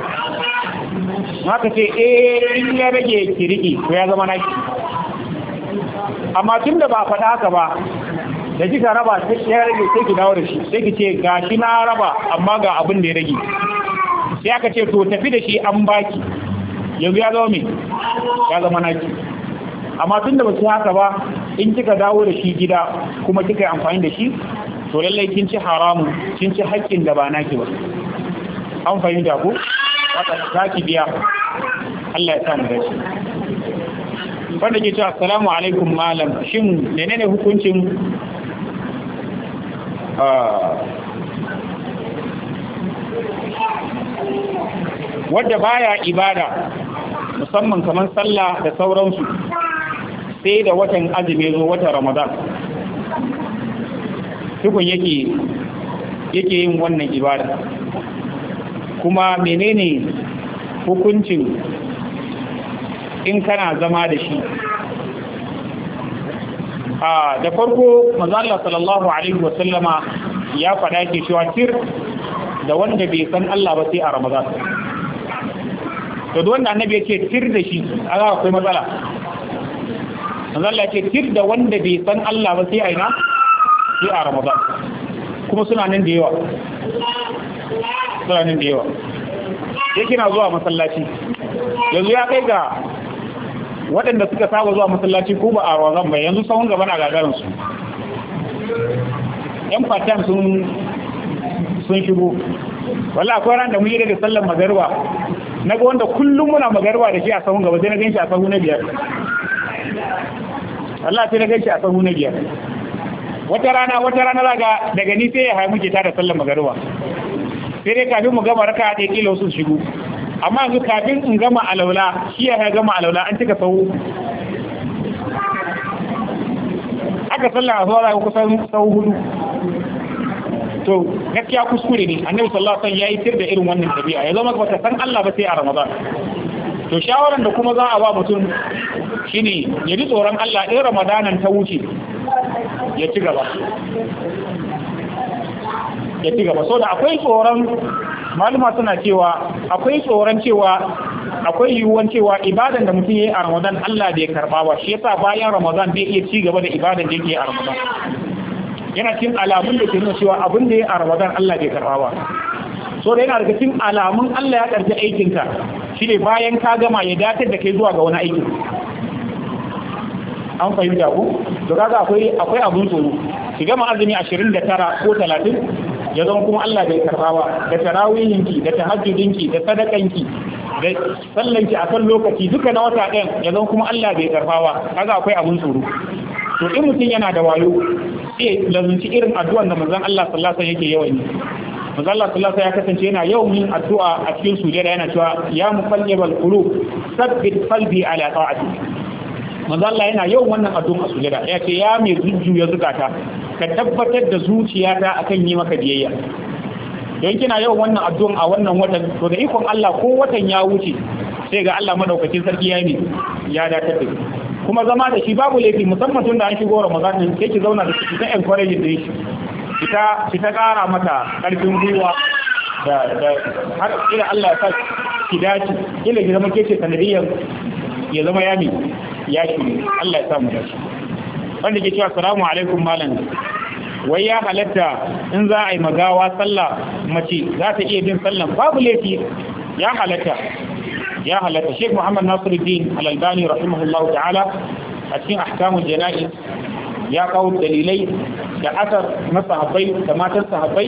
haka ce eh in ya rage ki rike to ya zama naki amma tun da ba faɗa haka ba da kika raba ya rage sai ki dawo da shi sai ki ce ga shi na raba amma ga abin da ya rage sai aka ce to tafi da shi an baki yanzu ya zama mai ya zama naki amma da ba su haka ba in kika dawo da shi gida kuma kika yi amfani da shi to lallai kin ci haramun kin ci haƙƙin da ba naki ba an fahimta ko za ki biya Allah ya sa mu dace wanda ke cewa assalamu alaikum malam shin menene hukuncin ah, wadda baya ibada musamman kamar sallah da sauransu sai da watan azumi zo watan ramadan tukun yake yake yin wannan ibada kuma menene hukuncin in kana zama da shi a ah, da farko Allah sallallahu alaihi wasallama ya faɗa ke cewa tir da wanda bai san Allah ba sai a Ramadan to duk wanda annabi yake tir da shi Allah akwai matsala manzo Allah yake tir da wanda bai san Allah ba sai a ina sai a Ramadan kuma suna nan da yawa suna nan da yawa yake na zuwa masallaci yanzu ya kai ga waɗanda suka saba zuwa masallaci ko ba a Ramadan ba yanzu sawun gaba na gagarin su yan fatan sun sun shigo wala akwai ran da mun yi daga sallar magarwa na ga wanda kullum muna magarwa da shi a sahun gaba sai na ganshi a sahun na biyar Allah sai na ganshi a sahun na biyar wata rana wata rana zaga daga ni sai ya hayi muke tada sallar magarwa sai dai kafin mu gama raka da kila sun shigo amma yanzu kafin in gama alaula shi ya hayi gama alaula an cika sahu aka sallar a zuwa kusan sahu hudu to gaskiya kuskure ne annabi sallallahu alaihi wasallam yayi tir da irin wannan dabi'a ya zama ta san Allah ba sai a Ramadan to shawaran da kuma za a ba mutum shine ya ji tsoron Allah ɗin Ramadanan ta wuce ya ci gaba ya ci gaba so da akwai tsoron maluma suna cewa akwai tsoron cewa akwai yiwuwan cewa ibadan da mutum yayi a Ramadan Allah bai karba ba shi yasa bayan Ramadan bai iya ci gaba da ibadan da yake a Ramadan yana cin alamun da ke nuna cewa abin da ya a ramadan Allah bai karɓa ba so da yana daga cin alamun Allah ya karbi aikinka shi ne bayan ka gama ya datar da kai zuwa ga wani aiki an fahimta ku to kaga akwai akwai tsoro ki gama azumi 29 ko 30 ya zama kuma Allah bai karɓa ba da tarawihinki da tahajjudinki da sadakanki da sallanki akan lokaci duka na wata ɗayan ya zama kuma Allah bai karɓa ba kaga akwai abin tsoro to in mutum yana da wayo sai lazunci irin addu'an da manzon Allah sallallahu alaihi yake yawan yi manzon Allah sallallahu ya kasance yana yawan yin addu'a a cikin sujada yana cewa ya muqallibal qulub sabbit qalbi ala ta'ati manzon Allah yana yawan wannan addu'a a sujada ya ce ya mai zuciya zukata ka tabbatar da zuciyata akan yi maka biyayya don kina yawan wannan addu'an a wannan watan to da ikon Allah ko watan ya wuce sai ga Allah madaukakin sarki ya ne ya dakatar da kuma zama da shi babu laifi musamman tun da an shigo Ramadan din sai ki zauna da shi ta encourage da shi kita kita kara mata karfin gwiwa da da har ila Allah ya sa ki dace ila ki zama kece sanadiyya ya zama yami ya shi Allah ya sa mu dace wanda ke cewa assalamu alaikum malam wai ya halatta in za a yi magawa sallah mace za ta iya bin sallah babu laifi ya halatta ya halatta Sheikh Muhammad Nasiruddin Al-Albani rahimahullahu ta'ala a cikin ahkamul jana'iz ya kawo dalilai da aka na sahabbai da matan sahabbai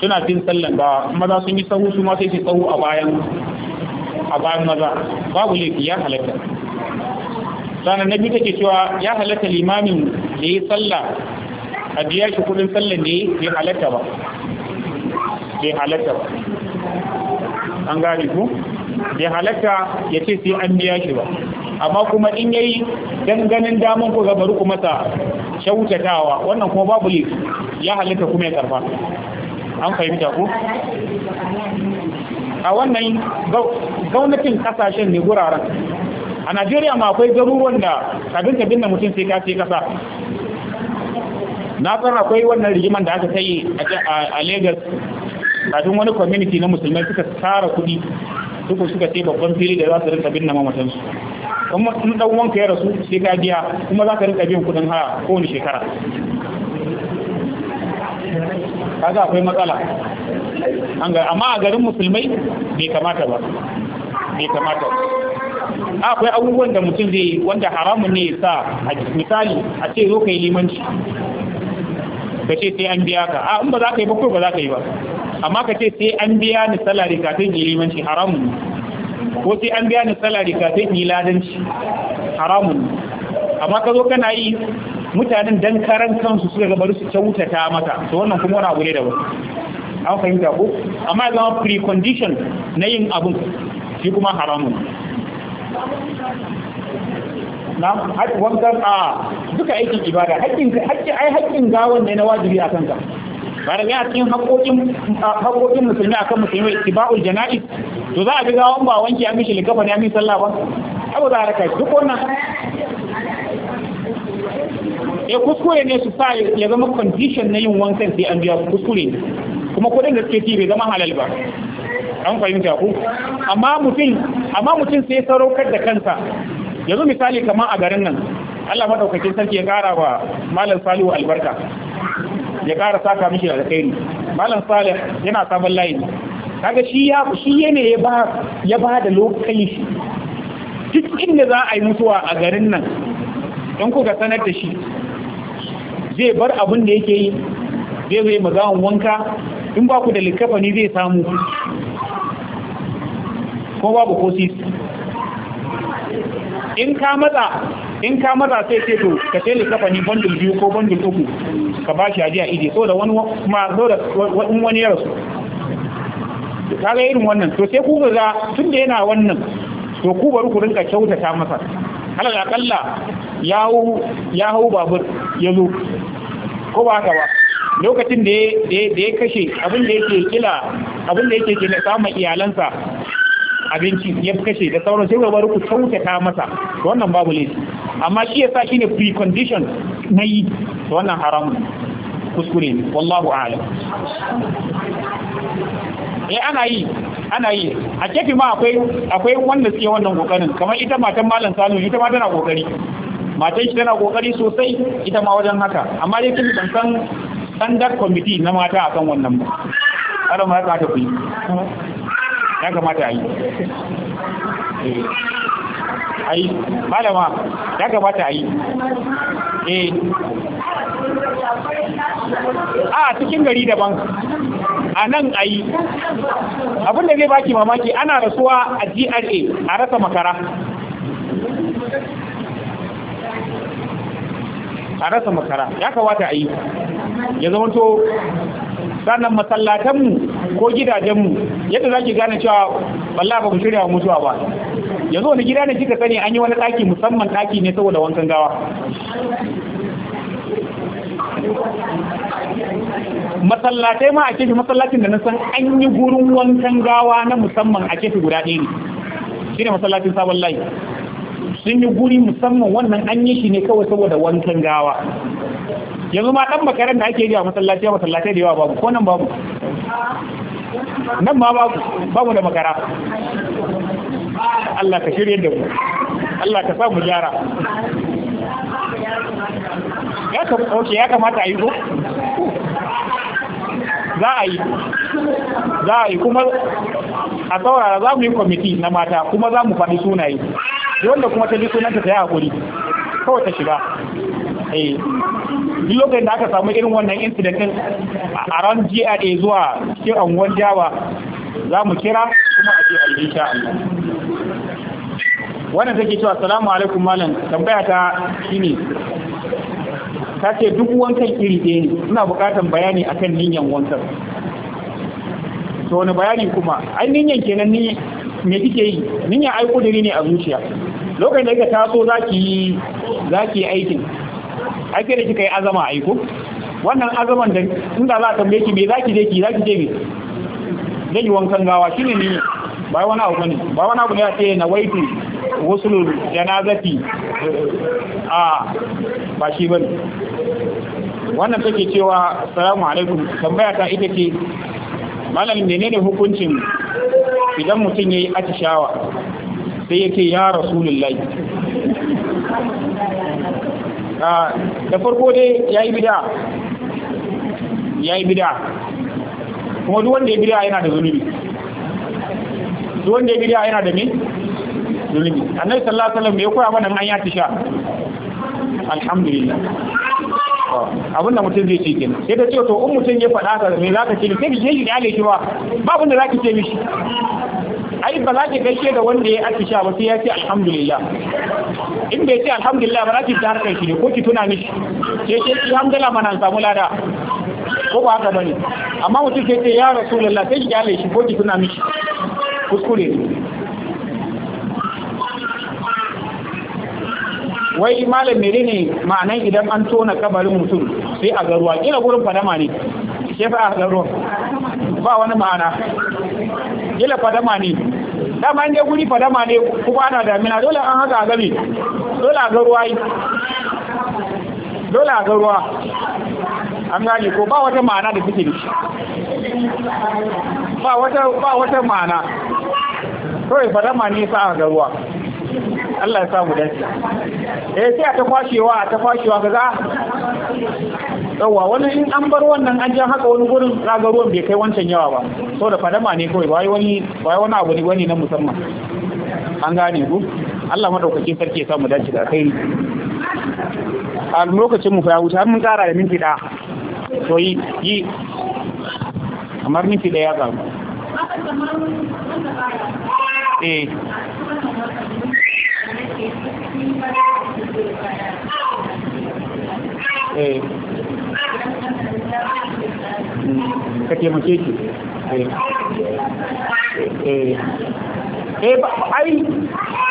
suna jin sallan ba maza sun yi sahu su ma sai su tsawo a bayan a bayan maza babu laifi ya halatta sannan na biyu take cewa ya halatta limamin da ya sallah a biya shi kudin sallan da ya halatta ba bai halatta ba an gane ku bai halatta ya ce sai an biya shi ba amma kuma in yayi dan ganin daman ku gabaru bari ku masa shautatawa wannan kuma babu laifi ya halatta kuma ya karfa an fahimta ku a wannan gwamnatin kasashen ne guraren a najeriya ma akwai garuruwan da sabin sabin binne mutum sai ka kasa na san akwai wannan rigiman da aka sai a lagos kafin wani community na musulmai suka tara kuɗi duk suka ce babban fili da za su rinka binne mamatan su kuma in dan wanka ya rasu sai ka biya kuma za ka rinka biyan kudin haya kowane shekara kaga akwai matsala an ga amma a garin musulmai bai kamata ba bai kamata akwai abubuwan da mutum zai wanda haramun ne ya sa a misali a ce zo kai limanci ka ce sai an biya ka a in ba za ka yi ba ko ba za ka yi ba amma ka ce sai an biya ni salari kafin yi limanci haramun ko sai an biya ni salari kafin yi ladanci haramun amma ka zo kana yi mutanen dan karan kansu suka ga bari su kyautata maka to wannan kuma wani abu ne daban an fahimta ko amma ga zama precondition na yin abun shi kuma haramun na wankan a duka aikin ibada haƙƙin haƙƙin ai haƙƙin gawan ne na wajibi a kanka bare ne a cikin haƙoƙin haƙoƙin musulmi akan musulmi tiba'ul jana'iz to za a ga gawan ba wanki an mishi likafa ne ya mishi sallah ba abu da raka duk wannan E, kuskure ne su sa ya zama condition na yin wankan sai an biya kuskure kuma kuɗin da suke ci bai zama halal ba an fahimta ku amma mutum amma mutum sai saraukar da kansa yanzu misali kamar a garin nan Allah madaukakin sarki ya kara wa malam Salihu albarka ya kara saka mishi da alkhairi malam Salih yana sabon layi kaga shi ya shi ne ya ba ya ba da lokaci duk inda za a yi mutuwa a garin nan don kuka sanar da shi zai bar abin da yake yi zai zai magawan wanka in ba ku da likafani zai samu ko babu ko sisi in ka matsa in ka matsa sai ce to ka sai kafa ni bandul biyu ko bandul uku ka ba shi ajiya ide so da wani kuma so da wani ya rasu kaga irin wannan to sai ku ga tun da yana wannan to ku bari ku rinka kyautata masa halal akalla ya hau ya hau babur ya zo ko ba ka ba lokacin da ya kashe abin da yake kila abin da yake kila samun iyalansa abinci ya kashe da sauran sai bari ku kyautata masa wannan babu laifi amma shi yasa shine precondition na yi wannan haramun kuskure ne wallahu a'lam eh ana yi ana yi a kefi ma akwai akwai wanda suke wannan kokarin kamar ita matan malam Sanu ita ma tana kokari matan shi tana kokari sosai ita ma wajen haka amma dai kun san standard committee na mata akan wannan ba kada ma ta fi ya kamata a yi eh, a yi malama ya kamata a yi eh. a cikin gari daban a nan a yi abinda zai baki mamaki ana rasuwa a gra a rasa makara a rasa makara ya kamata a yi ya zama to sannan masallatanmu ko gidajenmu yadda za ki gane cewa balla ba mu shirya mutuwa ba yanzu wani gida ne kika sani an yi wani ɗaki musamman ɗaki ne saboda wankan gawa masallatai ma a kefi masallacin da na san an yi gurin wankan gawa na musamman a kefi guda ɗaya ne shi ne masallacin sabon layi sun yi guri musamman wannan an yi shi ne kawai saboda wankan gawa yanzu ma dan makarar da ake yi masallaci a masallaci da yawa babu ko nan babu nan ma babu babu da makara Allah ka shirye da mu Allah ka sa mu gyara ya ka okay ya kamata a yi ko za a yi za a yi kuma a saurara za mu yi kwamiti na mata kuma za mu faɗi sunaye wanda kuma ta ji sunanta ta yi haƙuri kawai ta shiga duk lokacin da aka samu irin wannan incident a ran jiya da zuwa cikin anguwan jawa za mu kira kuma a je a yi insha Allah wannan take cewa salamu alaikum malam tambaya ta ne. ta ce duk wankan iri ɗaya ne suna buƙatar bayani akan niyan wankan to wani bayani kuma ai niyan kenan ni me kike yi niyan ai kudiri ne a zuciya lokacin da kika taso zaki zaki aikin ai sai da kika yi azama ai ko wannan azaman da inda za tambaye ki me zaki je ki zaki je ki. zai yi wankan gawa shine ne ba wani abu ne ba wani abu ne ya ce na waiti wasulul janazati eh, a ba shi bane wannan take cewa assalamu alaikum tambaya ta ita ce malam menene hukuncin idan mutum yayi atishawa sai yake ya rasulullahi Ah, da farko dai ya yi bida ya yi bida kuma duk wanda ya bida yana da zunubi duk wanda ya bida yana da min zunubi annabi sallallahu alaihi wasallam ya koya mana an ya tisha alhamdulillah ah, abin da mutum zai ce kenan sai da ce to in mutum ya faɗa ka me zaka ce sai ki je ki dale shi ba ba abin da ki ce mishi ai ba za ki gaishe da wanda ya atisha ba sai ya ce alhamdulillah in bai ce alhamdulillah ba za ki tsara harkar shi ne ko ki tuna mishi ke ce alhamdulillah mana samu lada ko ba haka bane amma mutum ke ce ya rasulullah sai ki kyale shi ko ki tuna mishi kuskure wai malam menene ma'anan idan an tona kabarin mutum sai a garuwa kila gurin fadama ne shi yasa a ɗan ba wani ma'ana gila fadama ne dama inda guri fadama ne kuma ana damina dole an haka a gami dole a ga ruwa yi dole a ga ruwa an gani ko ba wata ma'ana da suke da ba wata ma'ana kawai fadama ne sa a ga ruwa Allah ya samu dace eh sai a ta kwashewa a ta kwashewa kaza tsawa wani in an bar wannan an jan haka wani gurin kaga ruwan bai kai wancan yawa ba so da fadama ne kawai bai wani bai wani abu ne wani na musamman an gane ku Allah madaukakin sarki ya samu dace da kai a lokacin mu fa wuce har mun kara da minti da to yi yi kamar minti da ya karu eh eh ka taimake ki eh. Eh. eh ba ai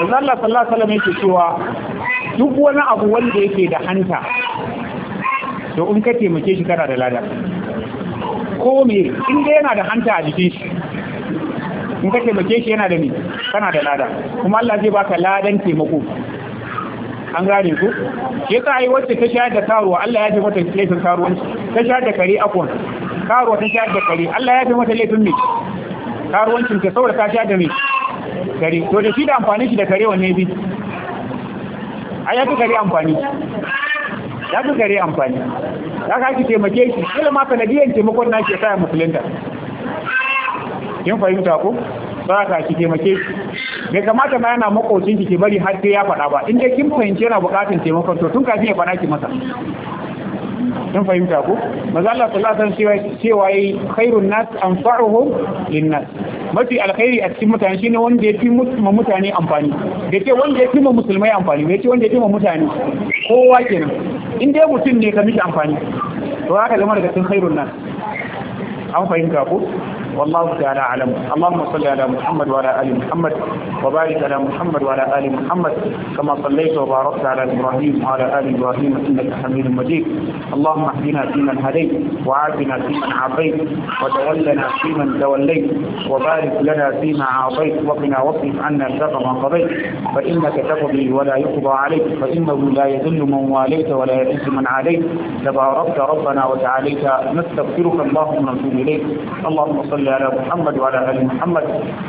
Allah sallallahu alaihi wasallam yake cewa duk wani abu wanda yake da hanta to in ka taimake shi kana da lada ko me in dai yana da hanta a jikin shi in ka taimake shi yana da ni kana da lada kuma Allah zai baka ladan taimako an gane ku ke sa ai wacce ta shayar da karuwa Allah ya fi mata laifin karuwanci ta shayar da kare akon karuwa ta shayar da kare Allah ya fi mata laifin ne karuwancin ta saboda ta shayar da ne kare to da shi da amfani shi da kare wanne bi ai ya fi kare amfani ya fi kare amfani ya ka ki taimake shi ilma sanadiyan taimakon na ke sa musulunta kin fahimta ko sata ki taimake shi bai kamata na yana makocin ki bari har sai ya faɗa ba in dai kin fahimci yana buƙatar taimakon to tun kafin ya faɗa ki masa kin fahimta ko maza Allah sallallahu alaihi wasallam cewa yi khairun nas anfa'uhum linnas mafi alkhairi a cikin mutane shine wanda ya fi ma mutane amfani da ce wanda ya fi musulmai amfani da ce wanda ya fi ma mutane kowa kenan in dai mutum ne ka miki amfani to haka zama daga cikin khairun nas an fahimta ko والله تعالى أعلم اللهم صل على محمد وعلى آل محمد وبارك على محمد وعلى آل محمد كما صليت وباركت على إبراهيم وعلى آل إبراهيم إنك حميد مجيد اللهم اهدنا فيمن هديت وعافنا فيمن عافيت وتولنا فيمن توليت وبارك لنا فيما أعطيت وقنا واصرف عنا شر ما قضيت فإنك تقضي ولا يقضى عليك فإنه لا يذل من واليت ولا يعز من عليك تباركت ربنا وتعاليت نستغفرك اللهم ونتوب إليك اللهم صل صل على محمد وعلى ال محمد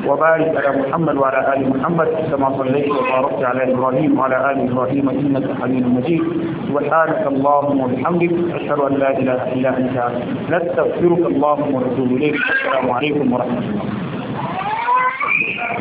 وبارك على محمد وعلى ال محمد كما صليت وباركت على ابراهيم وعلى ال ابراهيم انك حميد مجيد سبحانك اللهم وبحمدك اشهد ان لا اله الا انت نستغفرك اللهم ونتوب اليك السلام عليكم ورحمه الله